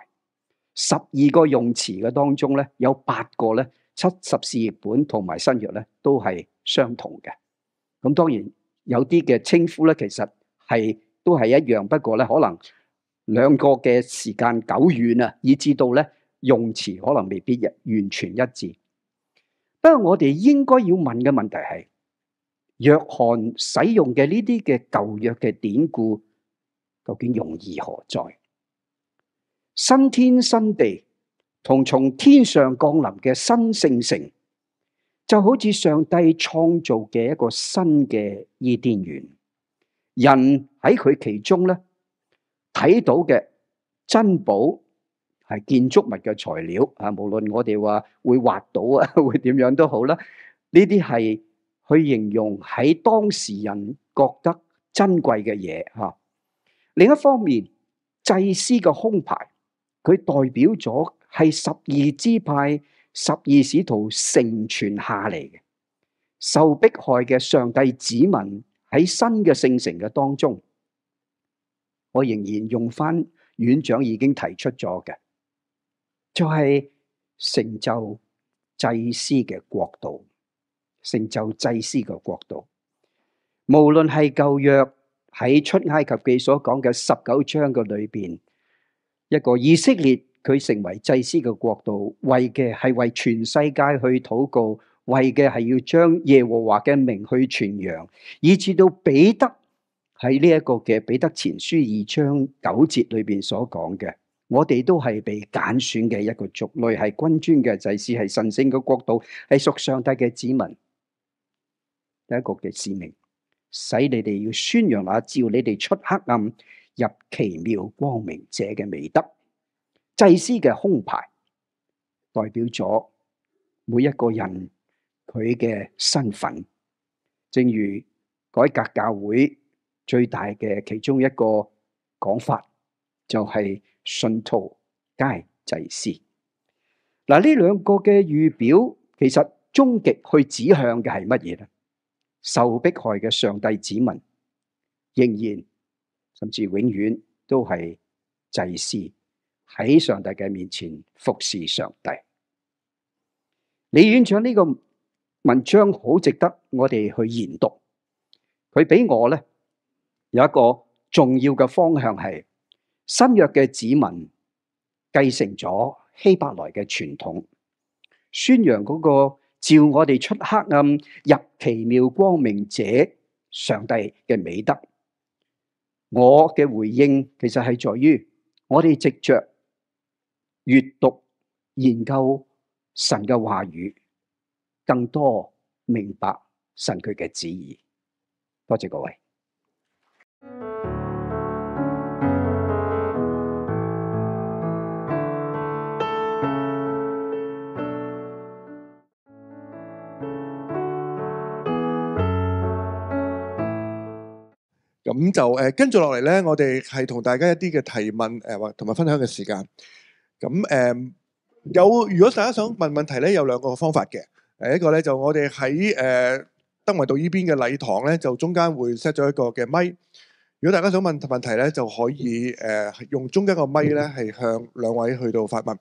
十二個用詞嘅當中咧，有八個咧，七十士譯本同埋新約咧都係相同嘅。咁當然有啲嘅稱呼咧，其實係。都係一樣，不過咧可能兩個嘅時間久遠啊，以至到咧用詞可能未必完全一致。不過我哋應該要問嘅問題係：約翰使用嘅呢啲嘅舊約嘅典故，究竟用意何在？新天新地同從天上降臨嘅新聖城，就好似上帝創造嘅一個新嘅伊甸園。人喺佢其中咧，睇到嘅珍寶係建築物嘅材料啊，無論我哋話會挖到啊，會點樣都好啦。呢啲係去形容喺當時人覺得珍貴嘅嘢啊。另一方面，祭司嘅胸牌，佢代表咗係十二支派、十二使徒成傳下嚟嘅受迫害嘅上帝子民。喺新嘅聖城嘅當中，我仍然用翻院長已經提出咗嘅，就係、是、成就祭司嘅國度，成就祭司嘅國度。無論係舊約喺出埃及記所講嘅十九章嘅裏邊，一個以色列佢成為祭司嘅國度，為嘅係為全世界去禱告。為嘅係要將耶和華嘅名去傳揚，以至到彼得喺呢一個嘅彼得前書二章九節裏邊所講嘅，我哋都係被揀選嘅一個族類，係君尊嘅祭司，係神聖嘅國度，係屬上帝嘅子民。第一個嘅使命，使你哋要宣揚啊，照你哋出黑暗入奇妙光明者嘅美德。祭司嘅胸牌代表咗每一個人。佢嘅身份，正如改革教會最大嘅其中一個講法，就係信徒皆祭司。嗱，呢兩個嘅預表，其實終極去指向嘅係乜嘢咧？受迫害嘅上帝子民，仍然甚至永遠都係祭司喺上帝嘅面前服侍上帝。李院長呢個。文章好值得我哋去研讀，佢俾我咧有一個重要嘅方向係新約嘅子民繼承咗希伯來嘅傳統，宣揚嗰個召我哋出黑暗入奇妙光明者上帝嘅美德。我嘅回應其實係在於我哋藉着閱讀研究神嘅話語。更多明白神佢嘅旨意。多謝各位。咁就誒，跟住落嚟咧，我哋係同大家一啲嘅提問誒，或同埋分享嘅時間。咁誒、呃，有如果大家想問問題咧，有兩個方法嘅。誒一個咧就我哋喺誒德雲道依邊嘅禮堂咧，就中間會 set 咗一個嘅咪。如果大家想問問題咧，就可以誒、呃、用中間個咪咧，係向兩位去到發問。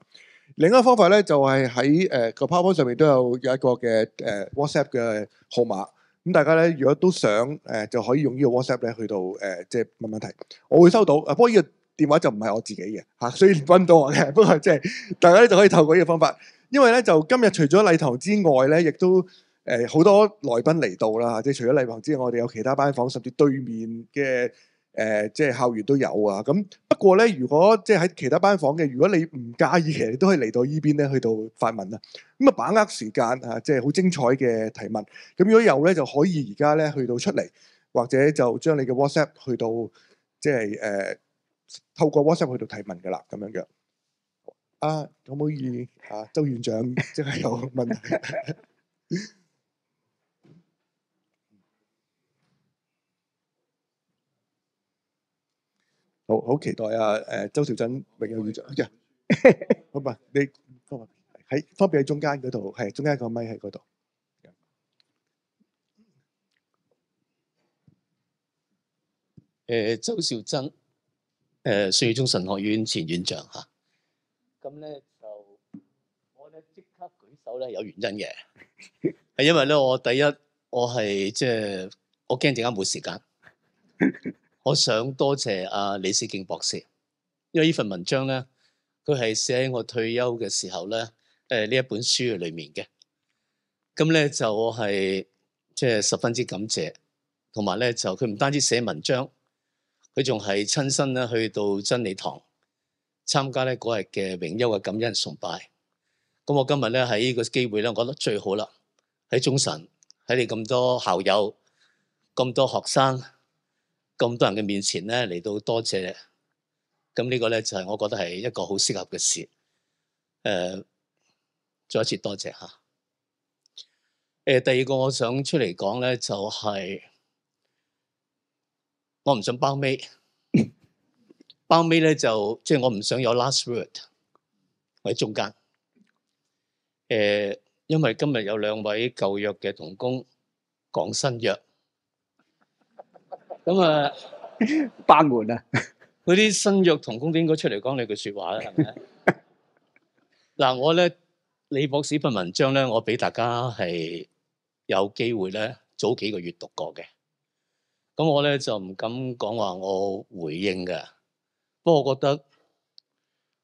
另一個方法咧，就係喺誒個 powerpoint 上面都有有一個嘅誒、呃、WhatsApp 嘅號碼。咁、嗯、大家咧，如果都想誒、呃、就可以用個呢個 WhatsApp 咧去到誒即係問問題。我會收到。啊、不過呢個電話就唔係我自己嘅嚇、啊，所以唔分到我嘅。不過即、就、係、是、大家咧就可以透過呢個方法。因為咧，就今日除咗禮堂之外咧，亦都誒好、呃、多來賓嚟到啦，即係除咗禮堂之外，我哋有其他班房，甚至對面嘅誒、呃、即係校園都有啊。咁不過咧，如果即係喺其他班房嘅，如果你唔介意，其實你都可以嚟到邊呢邊咧去到發問啊。咁啊，把握時間啊，即係好精彩嘅提問。咁如果有咧，就可以而家咧去到出嚟，或者就將你嘅 WhatsApp 去到即係誒、呃、透過 WhatsApp 去到提問噶啦，咁樣嘅。啊，有冇意見啊？周院長即係有問題，好好期待啊！誒，周兆珍，榮休院長，好嘛？你喺方便喺中間嗰度，係中間個咪喺嗰度。誒，周兆珍，誒，信義宗神學院前院長吓。咁咧就我咧即刻舉手咧，有原因嘅，係 因為咧我第一我係即係我驚陣間冇時間， 我想多謝阿、啊、李思敬博士，因為呢份文章咧佢係寫喺我退休嘅時候咧誒呢、呃、一本書嘅裡面嘅，咁咧就我係即係十分之感謝，同埋咧就佢唔單止寫文章，佢仲係親身咧去到真理堂。參加咧嗰日嘅榮休嘅感恩崇拜，咁我今日咧喺呢個機會咧，我覺得最好啦，喺中神，喺你咁多校友、咁多學生、咁多人嘅面前咧，嚟到多謝你，咁呢個咧就係、是、我覺得係一個好適合嘅事，誒、呃，再一次多謝吓。誒、呃，第二個我想出嚟講咧，就係、是、我唔想包尾。包尾咧就即係、就是、我唔想有 last word，我喺中間。誒、呃，因為今日有兩位舊約嘅同工講新約，咁啊，班門啊，嗰啲新約同工都應該出嚟講你句說話 啦，係咪？嗱，我咧李博士份文章咧，我俾大家係有機會咧早幾個月讀過嘅，咁我咧就唔敢講話我回應噶。不過，我覺得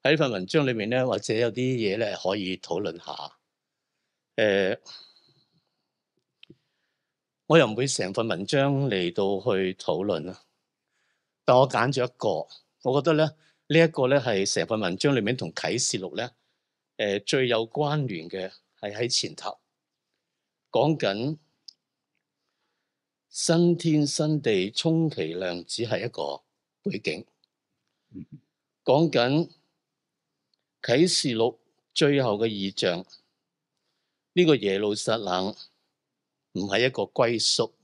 喺份文章裏面咧，或者有啲嘢咧可以討論下。誒、呃。我又唔會成份文章嚟到去討論啦。但我揀咗一個，我覺得咧呢一個咧係成份文章裏面同啟示錄咧誒、呃、最有關聯嘅，係喺前頭講緊新天新地，充其量只係一個背景。講緊啟示錄最後嘅異象，呢個耶路撒冷唔係一個歸宿，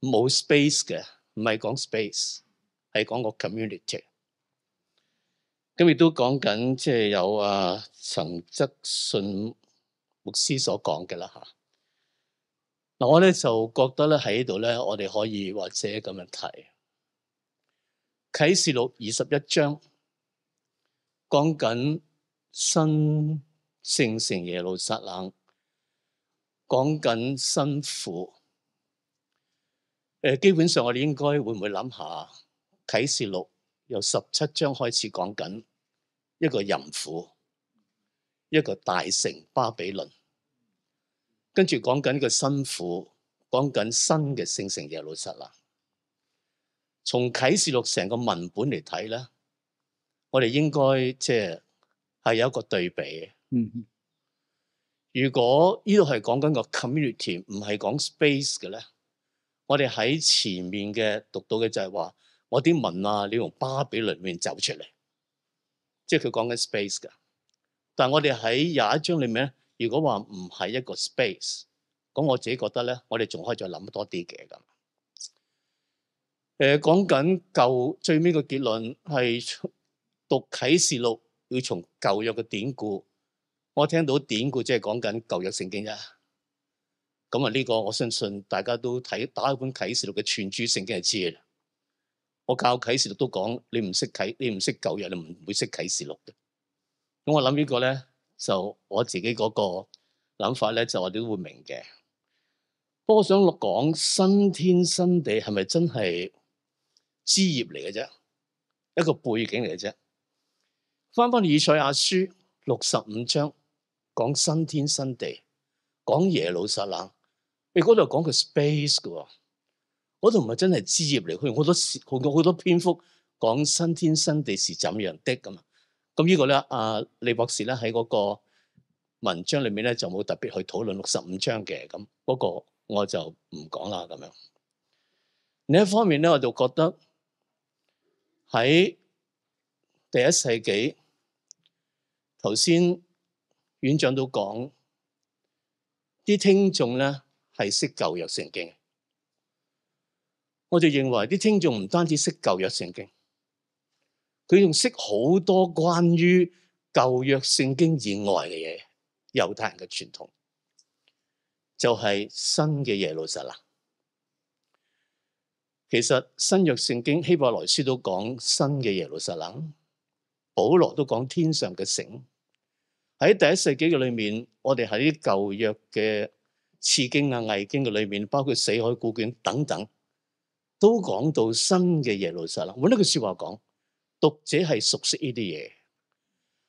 冇 space 嘅，唔係講 space，係講個 community。咁亦都講緊即係有啊曾則信牧師所講嘅啦吓。嗱我咧就覺得咧喺呢度咧，我哋可以或者咁樣睇。啟示錄二十一章講緊新聖城耶路撒冷，講緊新婦。誒、呃，基本上我哋應該會唔會諗下啟示錄由十七章開始講緊一個淫婦，一個大城巴比倫，跟住講緊個新婦，講緊新嘅聖城耶路撒冷。從啟示錄成個文本嚟睇咧，我哋應該即係有一個對比。嗯，如果呢度係講緊個 community，唔係講 space 嘅咧，我哋喺前面嘅讀到嘅就係話我啲民啊，你用巴比倫裏面走出嚟，即係佢講緊 space 噶。但係我哋喺廿一章裏面咧，如果話唔係一個 space，咁我自己覺得咧，我哋仲可以再諗多啲嘅咁。誒、呃，講緊舊最尾個結論係讀啟示錄，要從舊約嘅典故，我聽到典故即係講緊舊約聖經啫。咁啊呢個我相信大家都睇打開本啟示錄嘅串珠聖經係知嘅。我教啟示錄都講，你唔識啟，你唔識舊約，你唔會識啟示錄嘅。咁我諗呢個咧就我自己嗰個諗法咧，就我哋都會明嘅。不過我想講新天新地係咪真係？枝葉嚟嘅啫，一個背景嚟嘅啫。翻翻《以賽亞書》六十五章，講新天新地，講耶路撒冷。你嗰度講佢 space 嘅，嗰度唔係真係枝葉嚟，佢用好多看過好多篇幅講新天新地是怎樣的咁嘛。咁呢個咧，阿、啊、李博士咧喺嗰個文章裏面咧就冇特別去討論六十五章嘅咁，不、那、過、個、我就唔講啦咁樣。另一方面咧，我就覺得。喺第一世紀，頭先院長都講啲聽眾咧係識舊約聖經。我就認為啲聽眾唔單止識舊約聖經，佢仲識好多關於舊約聖經以外嘅嘢，猶太人嘅傳統就係、是、新嘅耶路撒冷。其實新約聖經希伯來書都講新嘅耶路撒冷，保羅都講天上嘅城。喺第一世紀嘅裏面，我哋喺啲舊約嘅次經啊、偽經嘅裏面，包括死海古卷等等，都講到新嘅耶路撒冷。換一句說話講，讀者係熟悉呢啲嘢。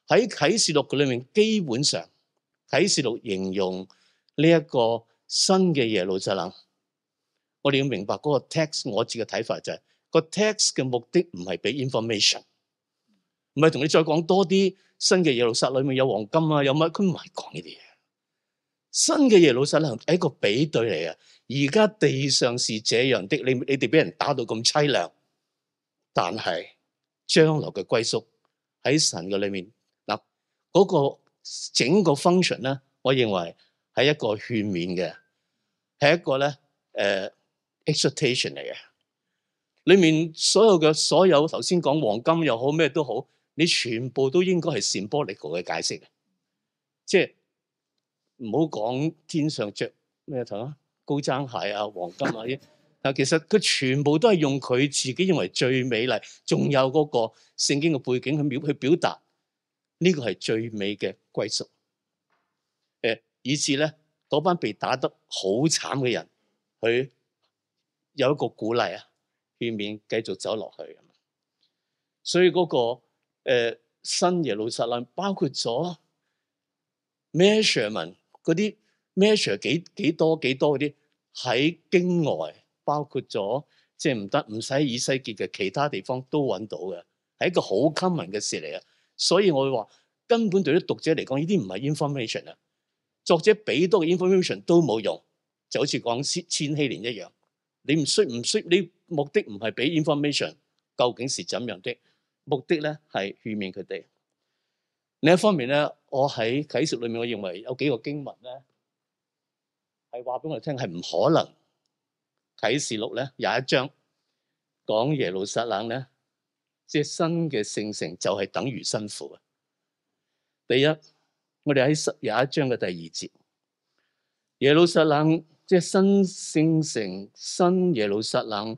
喺啟示錄嘅裏面，基本上啟示錄形容呢一個新嘅耶路撒冷。我哋要明白嗰個 text，我自己嘅睇法就係個 text 嘅目的唔係俾 information，唔係同你再講多啲新嘅耶路撒冷裏面有黃金啊，有乜？佢唔係講呢啲嘢。新嘅耶路撒冷係一個比對嚟啊，而家地上是這樣的，你你哋俾人打到咁淒涼，但係將來嘅歸宿喺神嘅裏面嗱，嗰個整個 function 咧，我認為係一個勸勉嘅，係一個咧誒。呃 Exhortation 嚟嘅，裏面所有嘅所有，頭先講黃金又好咩都好，你全部都應該係 symbolic 嘅解釋嘅，即係唔好講天上着咩頭啊，高踭鞋啊、黃金啊啲，但其實佢全部都係用佢自己認為最美麗，仲有嗰個聖經嘅背景去表去表達呢個係最美嘅歸宿，誒、呃，以至咧嗰班被打得好慘嘅人，佢。有一個鼓勵啊，勸勉繼續走落去咁。所以嗰、那個誒、呃、新耶路撒冷包括咗 measurement 嗰啲 measure 幾幾多幾多嗰啲喺經外，包括咗即係唔得唔使以西結嘅其他地方都揾到嘅，係一個好 common 嘅事嚟啊。所以我會話根本對啲讀者嚟講，呢啲唔係 information 啊。作者俾多嘅 information 都冇用，就好似講千千禧年一樣。你唔需唔需？你目的唔係俾 information，究竟是怎樣的？目的咧係勸勉佢哋。另一方面咧，我喺啟示裏面，我認為有幾個經文咧係話俾我哋聽係唔可能。啟示錄咧廿一章講耶路撒冷咧，即係新嘅聖城就係等於新婦啊！第一，我哋喺十廿一章嘅第二節，耶路撒冷。即新聖城新耶路撒冷，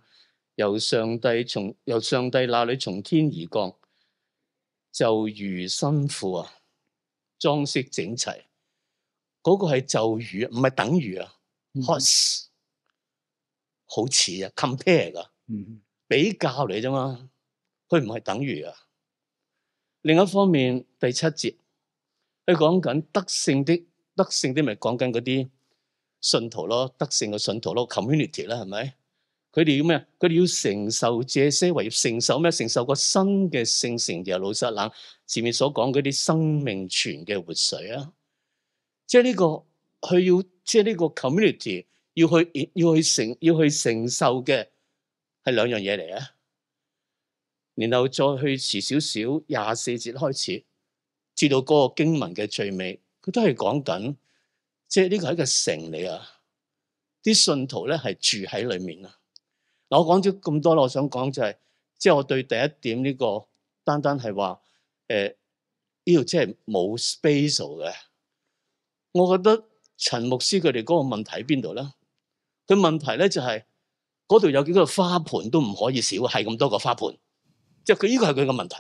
由上帝從由上帝那裏從天而降，就如新婦啊，裝飾整齊，嗰、那個係就如唔係等於啊，嗯、好似好似啊，compare 啊，比較嚟啫嘛，佢唔係等於啊。另一方面第七節，佢講緊得勝的得勝啲咪講緊嗰啲。信徒咯，得勝嘅信徒咯，community 啦，係咪？佢哋要咩啊？佢哋要承受這些，要承受咩？承受個新嘅聖城耶路撒冷。前面所講嗰啲生命泉嘅活水啊，即係呢、這個佢要，即係呢個 community 要去要去，要去承要去承受嘅係兩樣嘢嚟啊。然後再去遲少少廿四節開始，至到嗰個經文嘅最尾，佢都係講緊。即係呢個係一個城嚟啊！啲信徒咧係住喺裏面啊。嗱，我講咗咁多啦，我想講就係、是，即、就、係、是、我對第一點呢、這個單單係話，誒、呃，呢、這、度、個、即係冇 special 嘅。我覺得陳牧師佢哋嗰個問題喺邊度咧？佢問題咧就係、是，嗰度有幾個花盆都唔可以少，係咁多個花盆，即係佢呢個係佢嘅問題。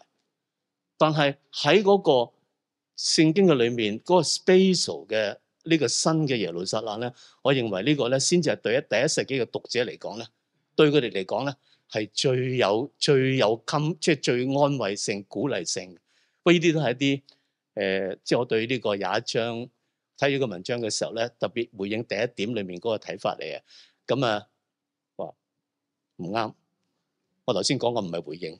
但係喺嗰個聖經嘅裏面，嗰、那個 special 嘅。呢個新嘅耶路撒冷咧，我認為個呢個咧先至係對於第一世紀嘅讀者嚟講咧，對佢哋嚟講咧係最有最有襟，即係最安慰性、鼓勵性。不過呢啲都係一啲誒、呃，即係我對呢個廿一章睇咗個文章嘅時候咧，特別回應第一點裡面嗰個睇法嚟嘅。咁、嗯、啊，話唔啱，我頭先講嘅唔係回應，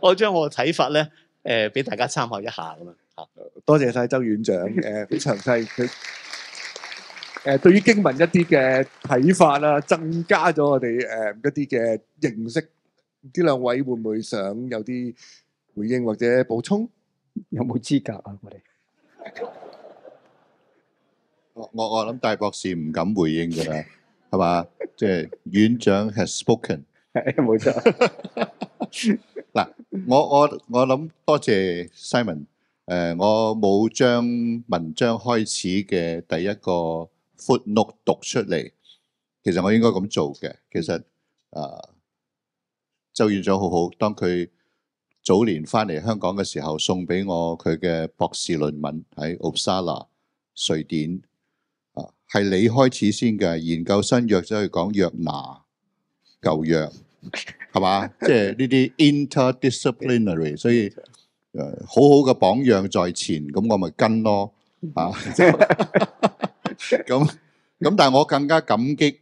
我將我嘅睇法咧。誒俾大家參考一下咁啊！多謝曬周院長誒，好詳細。誒對於經文一啲嘅睇法啊，增加咗我哋誒一啲嘅認識。呢兩位會唔會想有啲回應或者補充？有冇資格啊？我哋我我我諗大博士唔敢回應㗎啦，係嘛？即係院長 has spoken。係冇錯。嗱，我我我諗多謝 Simon。誒，我冇將文章開始嘅第一個 footnote 讀出嚟。其實我應該咁做嘅。其實啊，周院長好好。當佢早年翻嚟香港嘅時候，送俾我佢嘅博士論文喺 Uppsala 瑞典啊，係你開始先嘅研究生約即係講約拿舊約。係嘛，即係呢啲 interdisciplinary，所以誒好好嘅榜樣在前，咁我咪跟咯啊！咁咁，但係我更加感激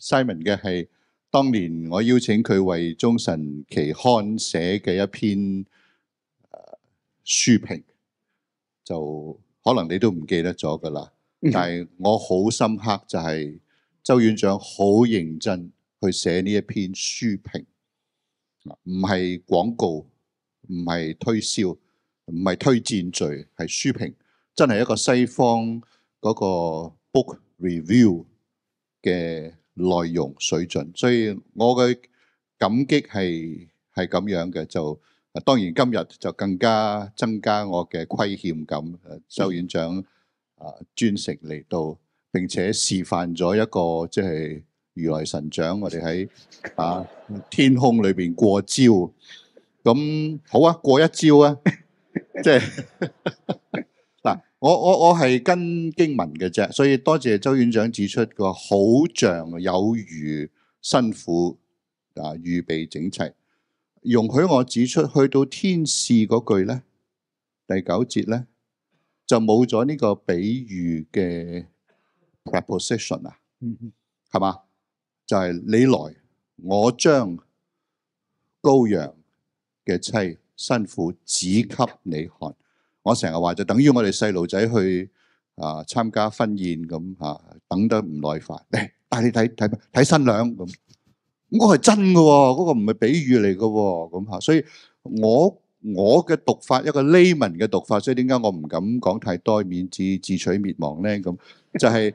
Simon 嘅係當年我邀請佢為《中神期刊》寫嘅一篇誒書評，就可能你都唔記得咗噶啦，但係我好深刻就係周院長好認真。去寫呢一篇書評，唔係廣告，唔係推銷，唔係推薦序，係書評，真係一個西方嗰個 book review 嘅內容水準。所以我嘅感激係係咁樣嘅，就當然今日就更加增加我嘅虧欠感。周院長啊，專誠嚟到，並且示範咗一個即係。如來神掌，我哋喺啊天空裏邊過招，咁好啊，過一招啊， 即係是嗱， 我我我係跟經文嘅啫，所以多謝周院長指出，佢好像有如辛苦啊，預備整齊，容許我指出，去到「天使」嗰句咧，第九節咧就冇咗呢個比喻嘅 preposition 啊，係嘛？就係你來，我將羔羊嘅妻新婦指給你看。我成日話就等於我哋細路仔去啊參加婚宴咁啊，等得唔耐煩嚟，帶你睇睇睇新娘咁。咁個係真噶，嗰個唔係比喻嚟噶咁吓。所以我我嘅讀法一個 layman 嘅讀法，所以點解我唔敢講太多，免致自取滅亡咧？咁就係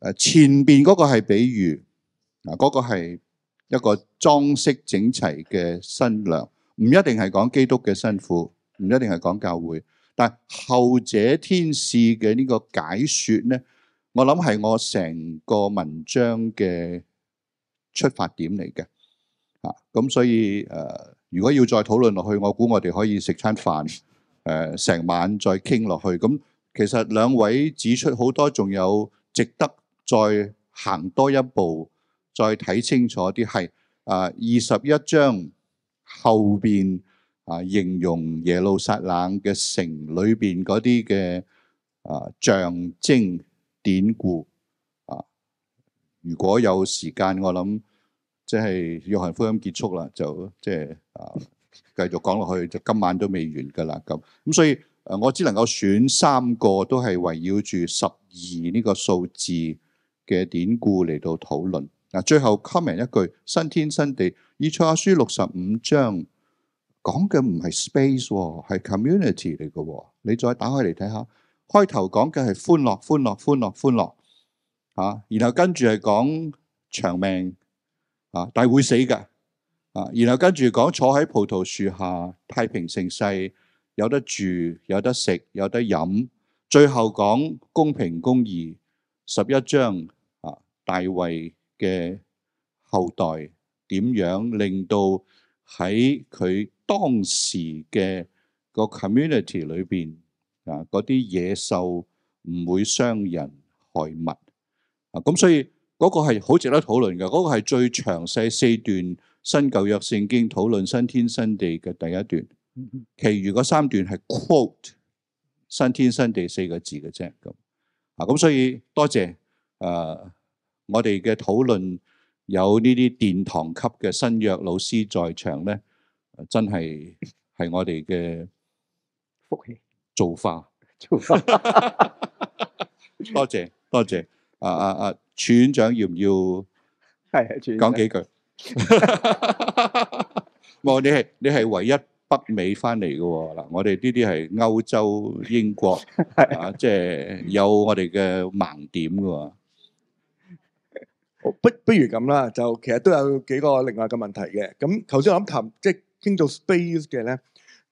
誒前邊嗰個係比喻。嗱，嗰、啊那個係一個裝飾整齊嘅新娘，唔一定係講基督嘅新婦，唔一定係講教會，但係後者天使嘅呢個解說咧，我諗係我成個文章嘅出發點嚟嘅。啊，咁所以誒、呃，如果要再討論落去，我估我哋可以食餐飯誒，成、呃、晚再傾落去。咁、嗯、其實兩位指出好多，仲有值得再行多一步。再睇清楚啲係啊，二十一章後邊啊，形容耶路撒冷嘅城裏邊嗰啲嘅啊象徵典故啊。如果有時間，我諗即係約翰福音結束啦，就即係啊繼續講落去，就今晚都未完㗎啦。咁咁，所以啊，我只能夠選三個都係圍繞住十二呢個數字嘅典故嚟到討論。嗱，最後 comment 一句，新天新地，以賽亞書六十五章講嘅唔係 space，喎，係 community 嚟嘅喎。你再打開嚟睇下，開頭講嘅係歡樂，歡樂，歡樂，歡樂，啊！然後跟住係講長命，啊！但係會死嘅，啊！然後跟住講坐喺葡萄樹下，太平盛世，有得住，有得食，有得飲。最後講公平公義，十一章啊，大衛。嘅後代點樣令到喺佢當時嘅個 community 裏邊啊，嗰啲野獸唔會傷人害物啊，咁所以嗰、那個係好值得討論嘅，嗰、那個係最詳細四段新舊約聖經討論新天新地嘅第一段，其餘嗰三段係 quote 新天新地四個字嘅啫，咁啊，咁所以多謝誒。呃我哋嘅討論有呢啲殿堂級嘅新約老師在場咧，真係係我哋嘅福氣造化。多謝多謝，啊啊啊！院長要唔要？係啊，院長講幾句。冇，你係你係唯一北美翻嚟㗎嗱。我哋呢啲係歐洲英國，啊，即係有我哋嘅盲點㗎。不不如咁啦，就其實都有幾個另外嘅問題嘅。咁頭先我諗談即係傾到 space 嘅咧，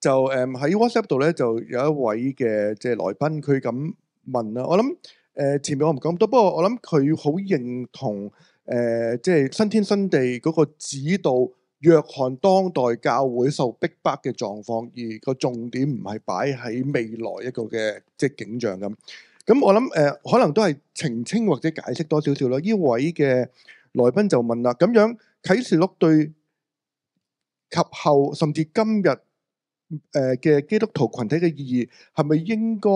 就誒喺 WhatsApp 度咧就有一位嘅即係來賓，佢咁問啦。我諗誒前面我唔講咁多，不過我諗佢好認同誒即係新天新地嗰個指導。約翰當代教會受逼迫嘅狀況，而個重點唔係擺喺未來一個嘅即係景象咁。咁我諗誒，可能都係澄清或者解釋多少少咯。呢位嘅來賓就問啦，咁樣，啟示錄對及後甚至今日誒嘅基督徒群體嘅意義，係咪應該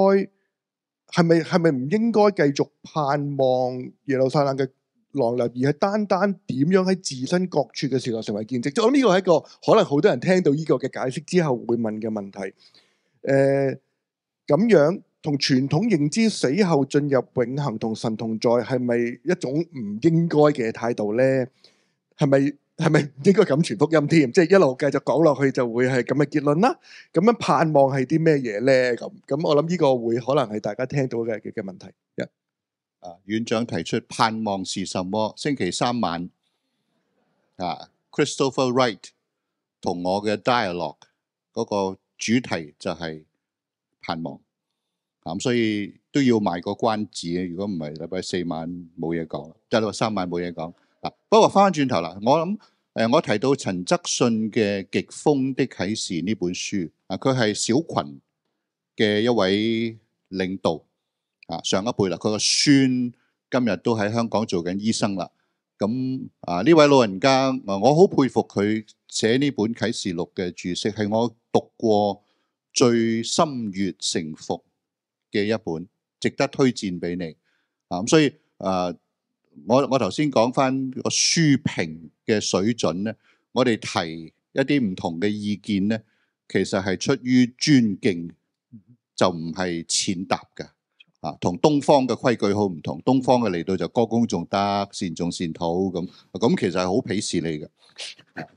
係咪係咪唔應該繼續盼望耶路撒冷嘅降臨，而係單單點樣喺自身各處嘅時候成為見證？就咁呢個係一個可能好多人聽到呢個嘅解釋之後會問嘅問題。誒，咁樣。同傳統認知死後進入永恆同神同在係咪一種唔應該嘅態度咧？係咪係咪應該咁傳福音添？即係一路繼續講落去就會係咁嘅結論啦。咁樣盼望係啲咩嘢咧？咁咁我諗呢個會可能係大家聽到嘅嘅問題。一啊，院長提出盼望是什麼？星期三晚啊，Christopher Wright 同我嘅 dialogue 嗰個主題就係盼望。咁、嗯、所以都要賣個關子啊！如果唔係，禮拜四晚冇嘢講，週、就、六、是、禮拜三晚冇嘢講。嗱、啊，不過翻返轉頭啦，我諗誒、呃，我提到陳則信嘅《極風的啟示》呢本書啊，佢係小群嘅一位領導啊，上一輩啦。佢個孫今日都喺香港做緊醫生啦。咁啊，呢、啊、位老人家啊，我好佩服佢寫呢本啟示錄嘅注釋，係我讀過最心悅誠服嘅一本值得推薦俾你啊，所以誒、呃，我我頭先講返個書評嘅水準咧，我哋提一啲唔同嘅意見咧，其實係出於尊敬，就唔係踐踏嘅啊。同東方嘅規矩好唔同，東方嘅嚟到就歌功頌德、善頌善禱咁，咁其實係好鄙視你嘅，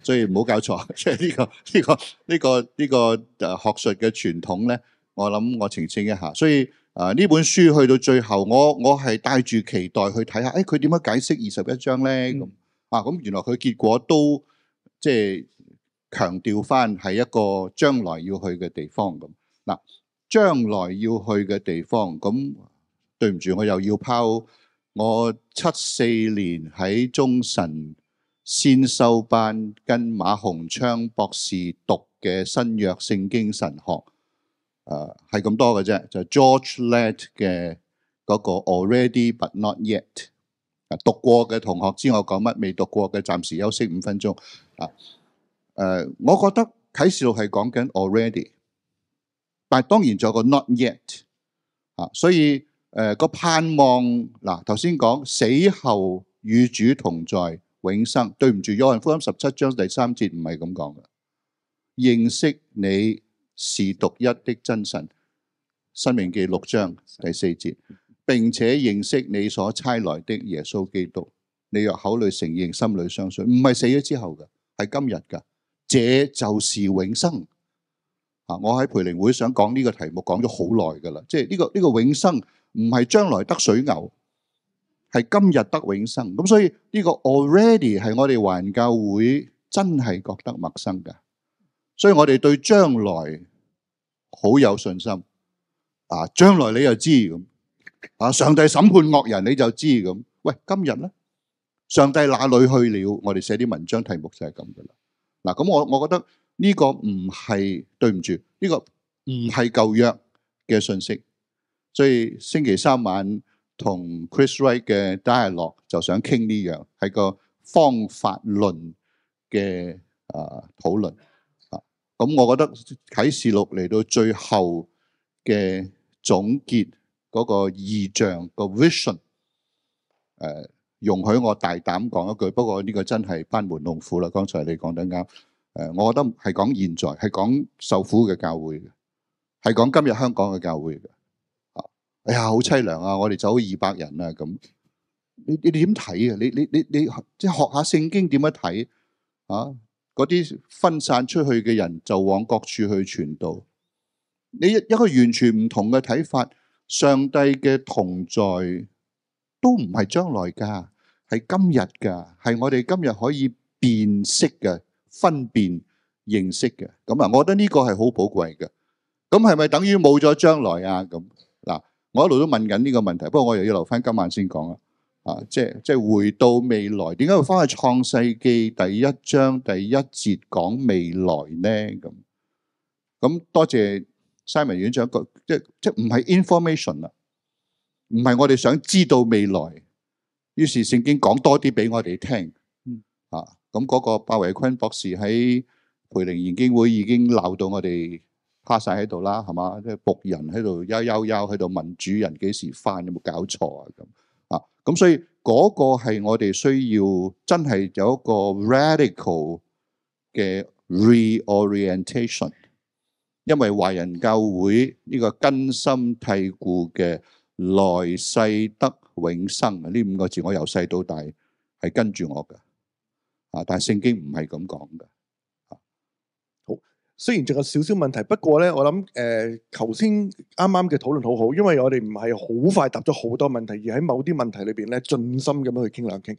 所以唔好搞錯。即係呢個呢、呢個呢、呢個呢、呢個誒、呢個、學術嘅傳統咧。我諗我澄清一下，所以啊呢、呃、本書去到最後，我我係帶住期待去睇下，誒佢點樣解釋二十一章咧咁、嗯、啊？咁、嗯、原來佢結果都即係強調翻係一個將來要去嘅地方咁嗱、啊。將來要去嘅地方咁、嗯，對唔住，我又要拋我七四年喺中神先修班跟馬洪昌博士讀嘅新約聖經神學。啊，係咁、呃、多嘅啫，就係，George Ladd 嘅嗰個 Already but not yet 啊，讀過嘅同學知我講乜，未讀過嘅暫時休息五分鐘啊。誒、呃，我覺得啟示錄係講緊 Already，但係當然仲有個 Not yet 啊、呃，所以誒個、呃、盼望嗱頭先講死後與主同在永生，對唔住，約翰福音十七章第三節唔係咁講嘅，認識你。是獨一的真神，申命記六章第四節，並且認識你所差來的耶穌基督，你若口裡承認，心裡相信，唔係死咗之後嘅，係今日嘅，這就是永生。啊！我喺培靈會想講呢個題目，講咗好耐噶啦，即係呢個呢個永生唔係將來得水牛，係今日得永生。咁所以呢個 already 係我哋環教會真係覺得陌生嘅。所以我哋對將來好有信心啊！將來你又知咁啊！上帝審判惡人你就知咁。喂，今日咧，上帝哪裏去了？我哋寫啲文章題目就係咁噶啦。嗱，咁我我覺得呢個唔係，對唔住，呢個唔係舊約嘅信息。所以星期三晚同 Chris Wright 嘅 dialogue 就想傾呢樣，係個方法論嘅啊討論。咁我覺得啟示錄嚟到最後嘅總結嗰、那個異象、那個 vision，誒、呃，容許我大膽講一句，不過呢個真係班門弄斧啦。剛才你講得啱，誒、呃，我覺得係講現在，係講受苦嘅教會嘅，係講今日香港嘅教會嘅。啊、呃，哎呀，好凄涼啊！我哋走二百人啊，咁你你點睇啊？你你你你即係學下聖經點樣睇啊？啊嗰啲分散出去嘅人就往各處去傳道。你一個完全唔同嘅睇法，上帝嘅同在都唔係將來噶，係今日噶，係我哋今日可以辨識嘅、分辨認識嘅。咁啊，我覺得呢個係好寶貴嘅。咁係咪等於冇咗將來啊？咁嗱，我一路都問緊呢個問題，不過我又要留翻今晚先講啦。啊！即係即係回到未來，點解會翻去創世記第一章第一節講未來呢？咁咁多謝西文院長，即即唔係 information 啦，唔係我哋想知道未來，於是聖經講多啲俾我哋聽。嗯、啊！咁、嗯、嗰、那個鮑維坤博士喺培靈研經會已經鬧到我哋趴晒喺度啦，係嘛？即僕人喺度，悠悠悠喺度問主人幾時翻，有冇搞錯啊？咁。咁所以嗰個係我哋需要真係有一個 radical 嘅 reorientation，因為華人教會呢個根深蒂固嘅來世得永生啊呢五個字，我由細到大係跟住我嘅，啊！但係聖經唔係咁講嘅。雖然仲有少少問題，不過咧，我諗誒，頭先啱啱嘅討論好好，因為我哋唔係好快答咗好多問題，而喺某啲問題裏邊咧，盡心咁樣去傾兩傾。誒、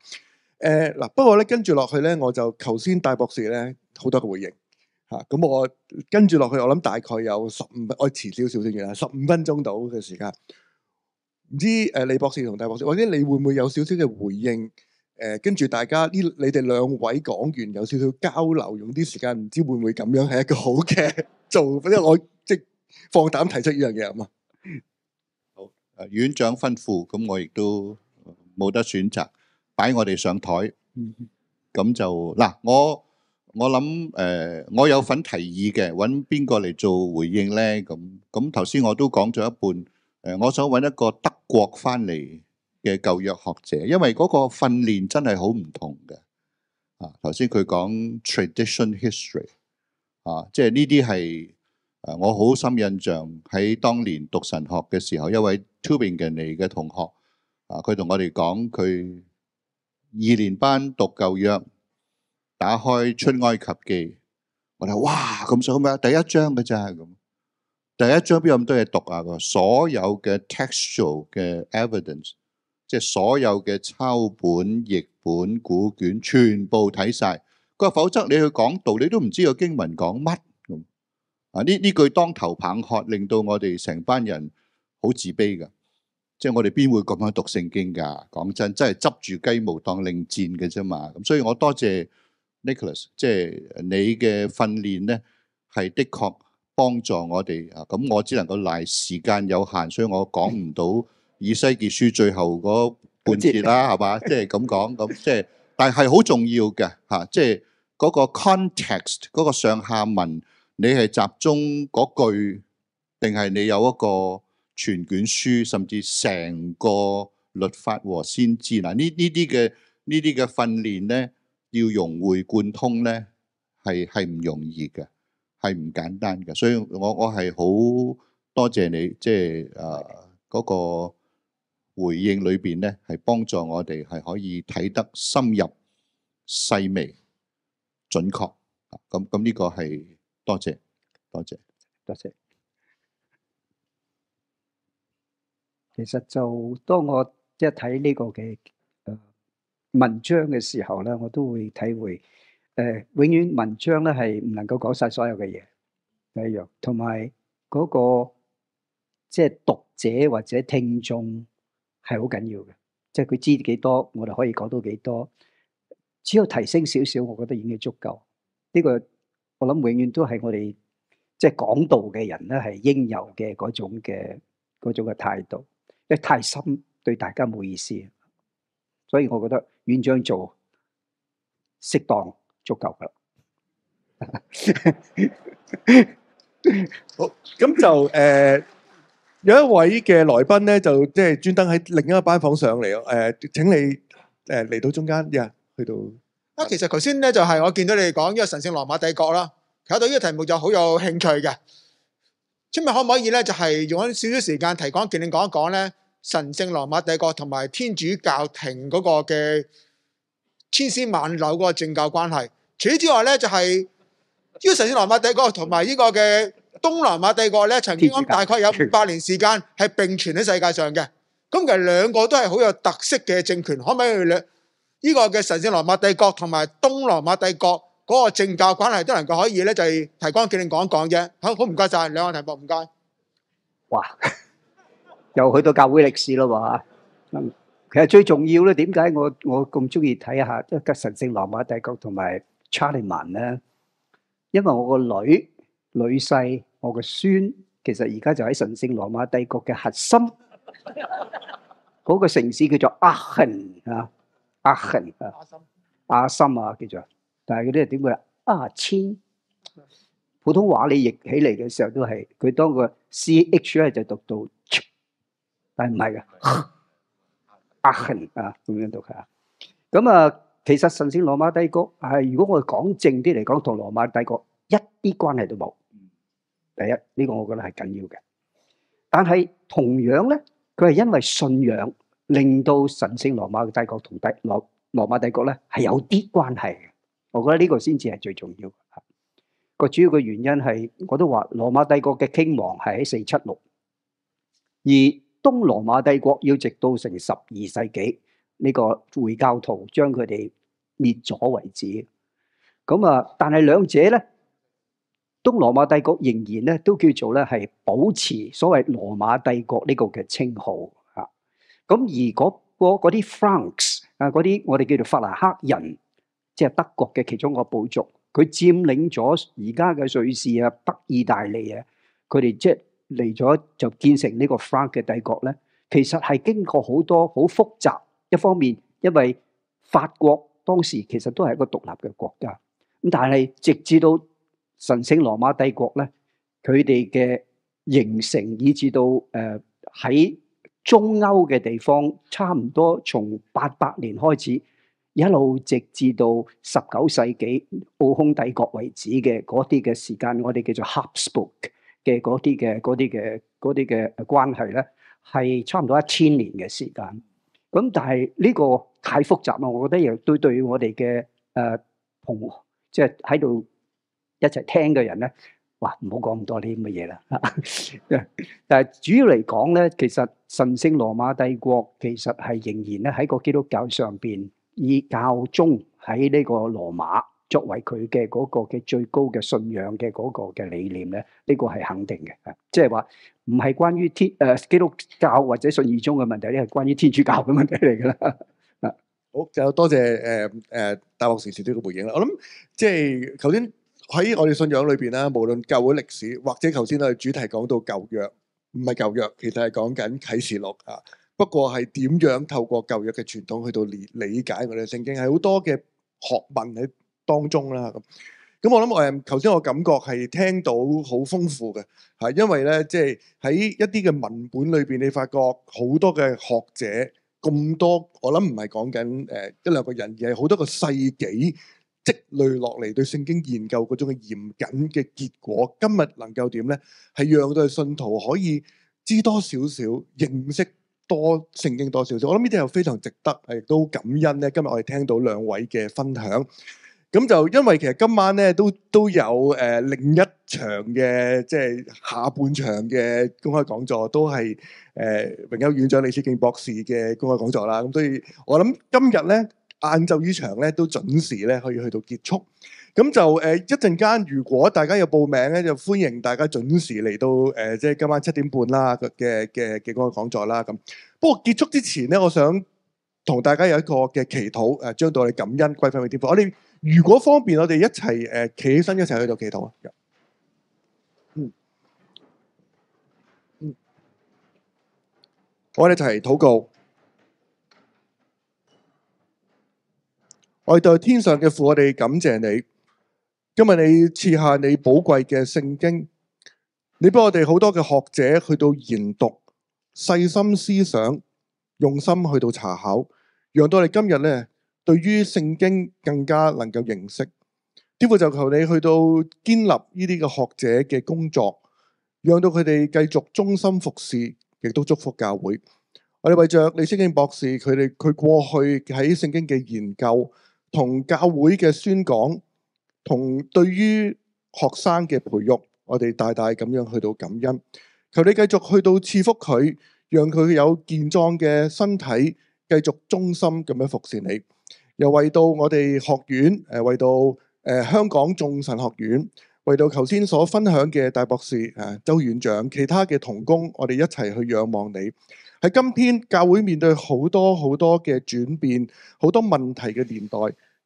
呃、嗱，不過咧跟住落去咧，我就頭先戴博士咧好多嘅回應嚇，咁、啊、我跟住落去，我諗大概有十五，我遲少少先嘅啦，十五分鐘到嘅時間。唔知誒李、呃、博士同戴博士，或者你會唔會有少少嘅回應？誒，跟住大家呢，你哋兩位講完有少少交流，用啲時間，唔知會唔會咁樣係一個好嘅做？因為我即放膽提出呢樣嘢啊嘛。好，誒，院長吩咐，咁我亦都冇得選擇，擺我哋上台。咁就嗱，我我諗誒，我有份提議嘅，揾邊個嚟做回應咧？咁咁頭先我都講咗一半。誒，我想揾一個德國返嚟嘅舊約學者，因為嗰個訓練真係好唔同嘅。啊，頭先佢講 tradition history 啊，即係呢啲係我好深印象喺當年讀神學嘅時候，一位 Tubingen 嚟嘅同學啊，佢同我哋講佢二年班讀舊約，打開出埃及記，我諗哇咁想咩？第一章嘅咋係咁？第一章邊有咁多嘢讀啊？所有嘅 textual 嘅 evidence。即係所有嘅抄本、譯本、古卷，全部睇晒。佢話：否則你去講道，你都唔知個經文講乜。啊！呢呢句當頭棒喝，令到我哋成班人好自卑㗎。即係我哋邊會咁樣讀聖經㗎？講真，真係執住雞毛當令箭嘅啫嘛。咁所以我多謝 Nicholas，即係你嘅訓練咧，係的確幫助我哋。啊，咁我只能夠賴時間有限，所以我講唔到。以西結書最後嗰半節啦，係嘛？即係咁講，咁即係，但係好重要嘅吓。即係嗰個 context，嗰個上下文，你係集中嗰句，定係你有一個全卷書，甚至成個律法和先知。嗱，呢呢啲嘅呢啲嘅訓練咧，要融會貫通咧，係係唔容易嘅，係唔簡單嘅。所以我我係好多謝你，即係誒嗰個。回應裏邊咧，係幫助我哋係可以睇得深入、細微、準確。咁咁呢個係多謝多謝多謝。其實就當我即係睇呢個嘅文章嘅時候咧，我都會體會誒、呃，永遠文章咧係唔能夠講晒所有嘅嘢一樣，同埋嗰個即係、就是、讀者或者聽眾。係好緊要嘅，即係佢知幾多，我哋可以講到幾多。只要提升少少，我覺得已經足夠。呢個我諗永遠都係我哋即係講道嘅人咧，係應有嘅嗰種嘅嗰種嘅態度。因為太深對大家冇意思，所以我覺得院長做適當足夠噶啦。好，咁就誒。有一位嘅來賓咧，就即係專登喺另一個班房上嚟咯。誒，請你誒嚟到中間呀，去到啊。其實頭先咧就係我見到你哋講呢個神聖羅馬帝國啦，其實對呢個題目就好有興趣嘅。今日可唔可以咧，就係用一少少時間提講你講一講咧，神聖羅馬帝國同埋天主教廷嗰個嘅千絲萬縷嗰個政教關係。除此之外咧，就係呢個神聖羅馬帝國同埋呢個嘅。東南亞帝國咧，曾經大概有五百年時間係並存喺世界上嘅。咁其實兩個都係好有特色嘅政權，可唔可以兩？呢個嘅神聖羅馬帝國同埋東羅馬帝國嗰個政教關係都能夠可以咧，就係、是、提光叫你講一講啫。好好，唔該晒，兩個題目唔該。哇！又去到教會歷史咯。喎、嗯、嚇。其實最重要咧，點解我我咁中意睇下即係神聖羅馬帝國同埋 c h a r l e m a n 咧？因為我個女女婿。我嘅孫其實而家就喺神聖羅馬帝國嘅核心，嗰個城市叫做阿痕啊，阿痕啊，阿森，阿森啊，叫做。但係嗰啲係點講？阿千普通話你譯起嚟嘅時候都係佢當個 C H 就讀到，但係唔係嘅，阿痕啊咁樣讀下。咁啊，其實神聖羅馬帝國係如果我哋講正啲嚟講，同羅馬帝國一啲關係都冇。第一呢個我覺得係緊要嘅，但係同樣咧，佢係因為信仰令到神聖羅馬嘅帝國同帝羅羅馬帝國咧係有啲關係嘅。我覺得呢個先至係最重要。個主要嘅原因係，我都話羅馬帝國嘅傾亡係喺四七六，而東羅馬帝國要直到成十二世紀呢個回教徒將佢哋滅咗為止。咁啊，但係兩者咧，東羅馬帝國仍然咧都叫做咧係保持所謂羅馬帝國呢個嘅稱號嚇。咁而嗰啲 Franks 啊，嗰啲、那個、我哋叫做法蘭克人，即、就、係、是、德國嘅其中一個部族，佢佔領咗而家嘅瑞士啊、北意大利啊，佢哋即係嚟咗就建成呢個 Frank 嘅帝國咧。其實係經過好多好複雜一方面，因為法國當時其實都係一個獨立嘅國家咁，但係直至到。神聖羅馬帝國咧，佢哋嘅形成，以至到誒喺、呃、中歐嘅地方，差唔多從八百年開始，一路直，直至到十九世紀奧匈帝國為止嘅嗰啲嘅時間，我哋叫做 Habsburg 嘅嗰啲嘅嗰啲嘅嗰啲嘅關係咧，係差唔多一千年嘅時間。咁但係呢個太複雜啦，我覺得又都對，對我哋嘅誒同即係喺度。呃就是一齊聽嘅人咧，哇！唔好講咁多呢啲咁嘅嘢啦。 但係主要嚟講咧，其實神聖羅馬帝國其實係仍然咧喺個基督教上邊，以教宗喺呢個羅馬作為佢嘅嗰個嘅最高嘅信仰嘅嗰個嘅理念咧，呢個係肯定嘅。即係話唔係關於天誒、呃、基督教或者信義宗嘅問題，呢係關於天主教嘅問題嚟嘅啦。 好，就多謝誒誒、呃呃、戴博士團隊嘅回應啦。我諗即係頭先。就是喺我哋信仰裏邊啦，無論教會歷史或者頭先我哋主題講到舊約，唔係舊約，其實係講緊啟示錄啊。不過係點樣透過舊約嘅傳統去到理理解我哋聖經，係好多嘅學問喺當中啦。咁，咁我諗，我誒，頭先我感覺係聽到好豐富嘅，吓，因為咧，即係喺一啲嘅文本裏邊，你發覺好多嘅學者咁多，我諗唔係講緊誒一兩個人，而係好多個世紀。積累落嚟對聖經研究嗰種嘅嚴謹嘅結果，今日能夠點呢？係讓到信徒可以知多少少認識多聖經多，多少少。我諗呢啲又非常值得，係都感恩呢。今日我哋聽到兩位嘅分享，咁就因為其實今晚呢，都都有誒、呃、另一場嘅即係下半場嘅公開講座，都係誒榮休院長李思敬博士嘅公開講座啦。咁所以我諗今日呢。晏晝呢場咧都準時咧可以去到結束，咁就誒一陣間，如果大家有報名咧，就歡迎大家準時嚟到誒，即係今晚七點半啦嘅嘅嘅嗰個講座啦咁。不過結束之前咧，我想同大家有一個嘅祈禱誒，將到你感恩、歸返去畀。我哋如果方便，我哋一齊誒企起身一齊去到祈禱啊！嗯嗯，我哋一齊禱告。我對天上嘅父，我哋感謝你，今日你賜下你寶貴嘅聖經，你幫我哋好多嘅學者去到研讀、細心思想、用心去到查考，讓到你今日咧對於聖經更加能夠認識。天父就求你去到堅立呢啲嘅學者嘅工作，讓到佢哋繼續忠心服侍，亦都祝福教會。我哋為着李思敬博士佢哋佢過去喺聖經嘅研究，同教會嘅宣講，同對於學生嘅培育，我哋大大咁樣去到感恩。求你繼續去到賜福佢，讓佢有健壯嘅身體，繼續忠心咁樣服侍你。又為到我哋學院，誒為到誒香港眾神學院，為到頭先所分享嘅戴博士啊、周院長，其他嘅同工，我哋一齊去仰望你。喺今天教會面對好多好多嘅轉變，好多問題嘅年代，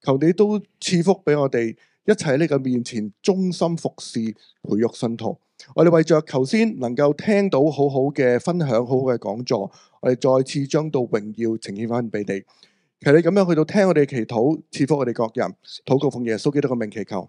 求你都賜福俾我哋，一齊喺你個面前忠心服侍、培育信徒。我哋為着頭先能夠聽到好好嘅分享、好好嘅講座，我哋再次將到榮耀呈現翻俾你。其實你咁樣去到聽我哋祈禱，賜福我哋各人，禱告奉耶穌基督嘅名，祈求，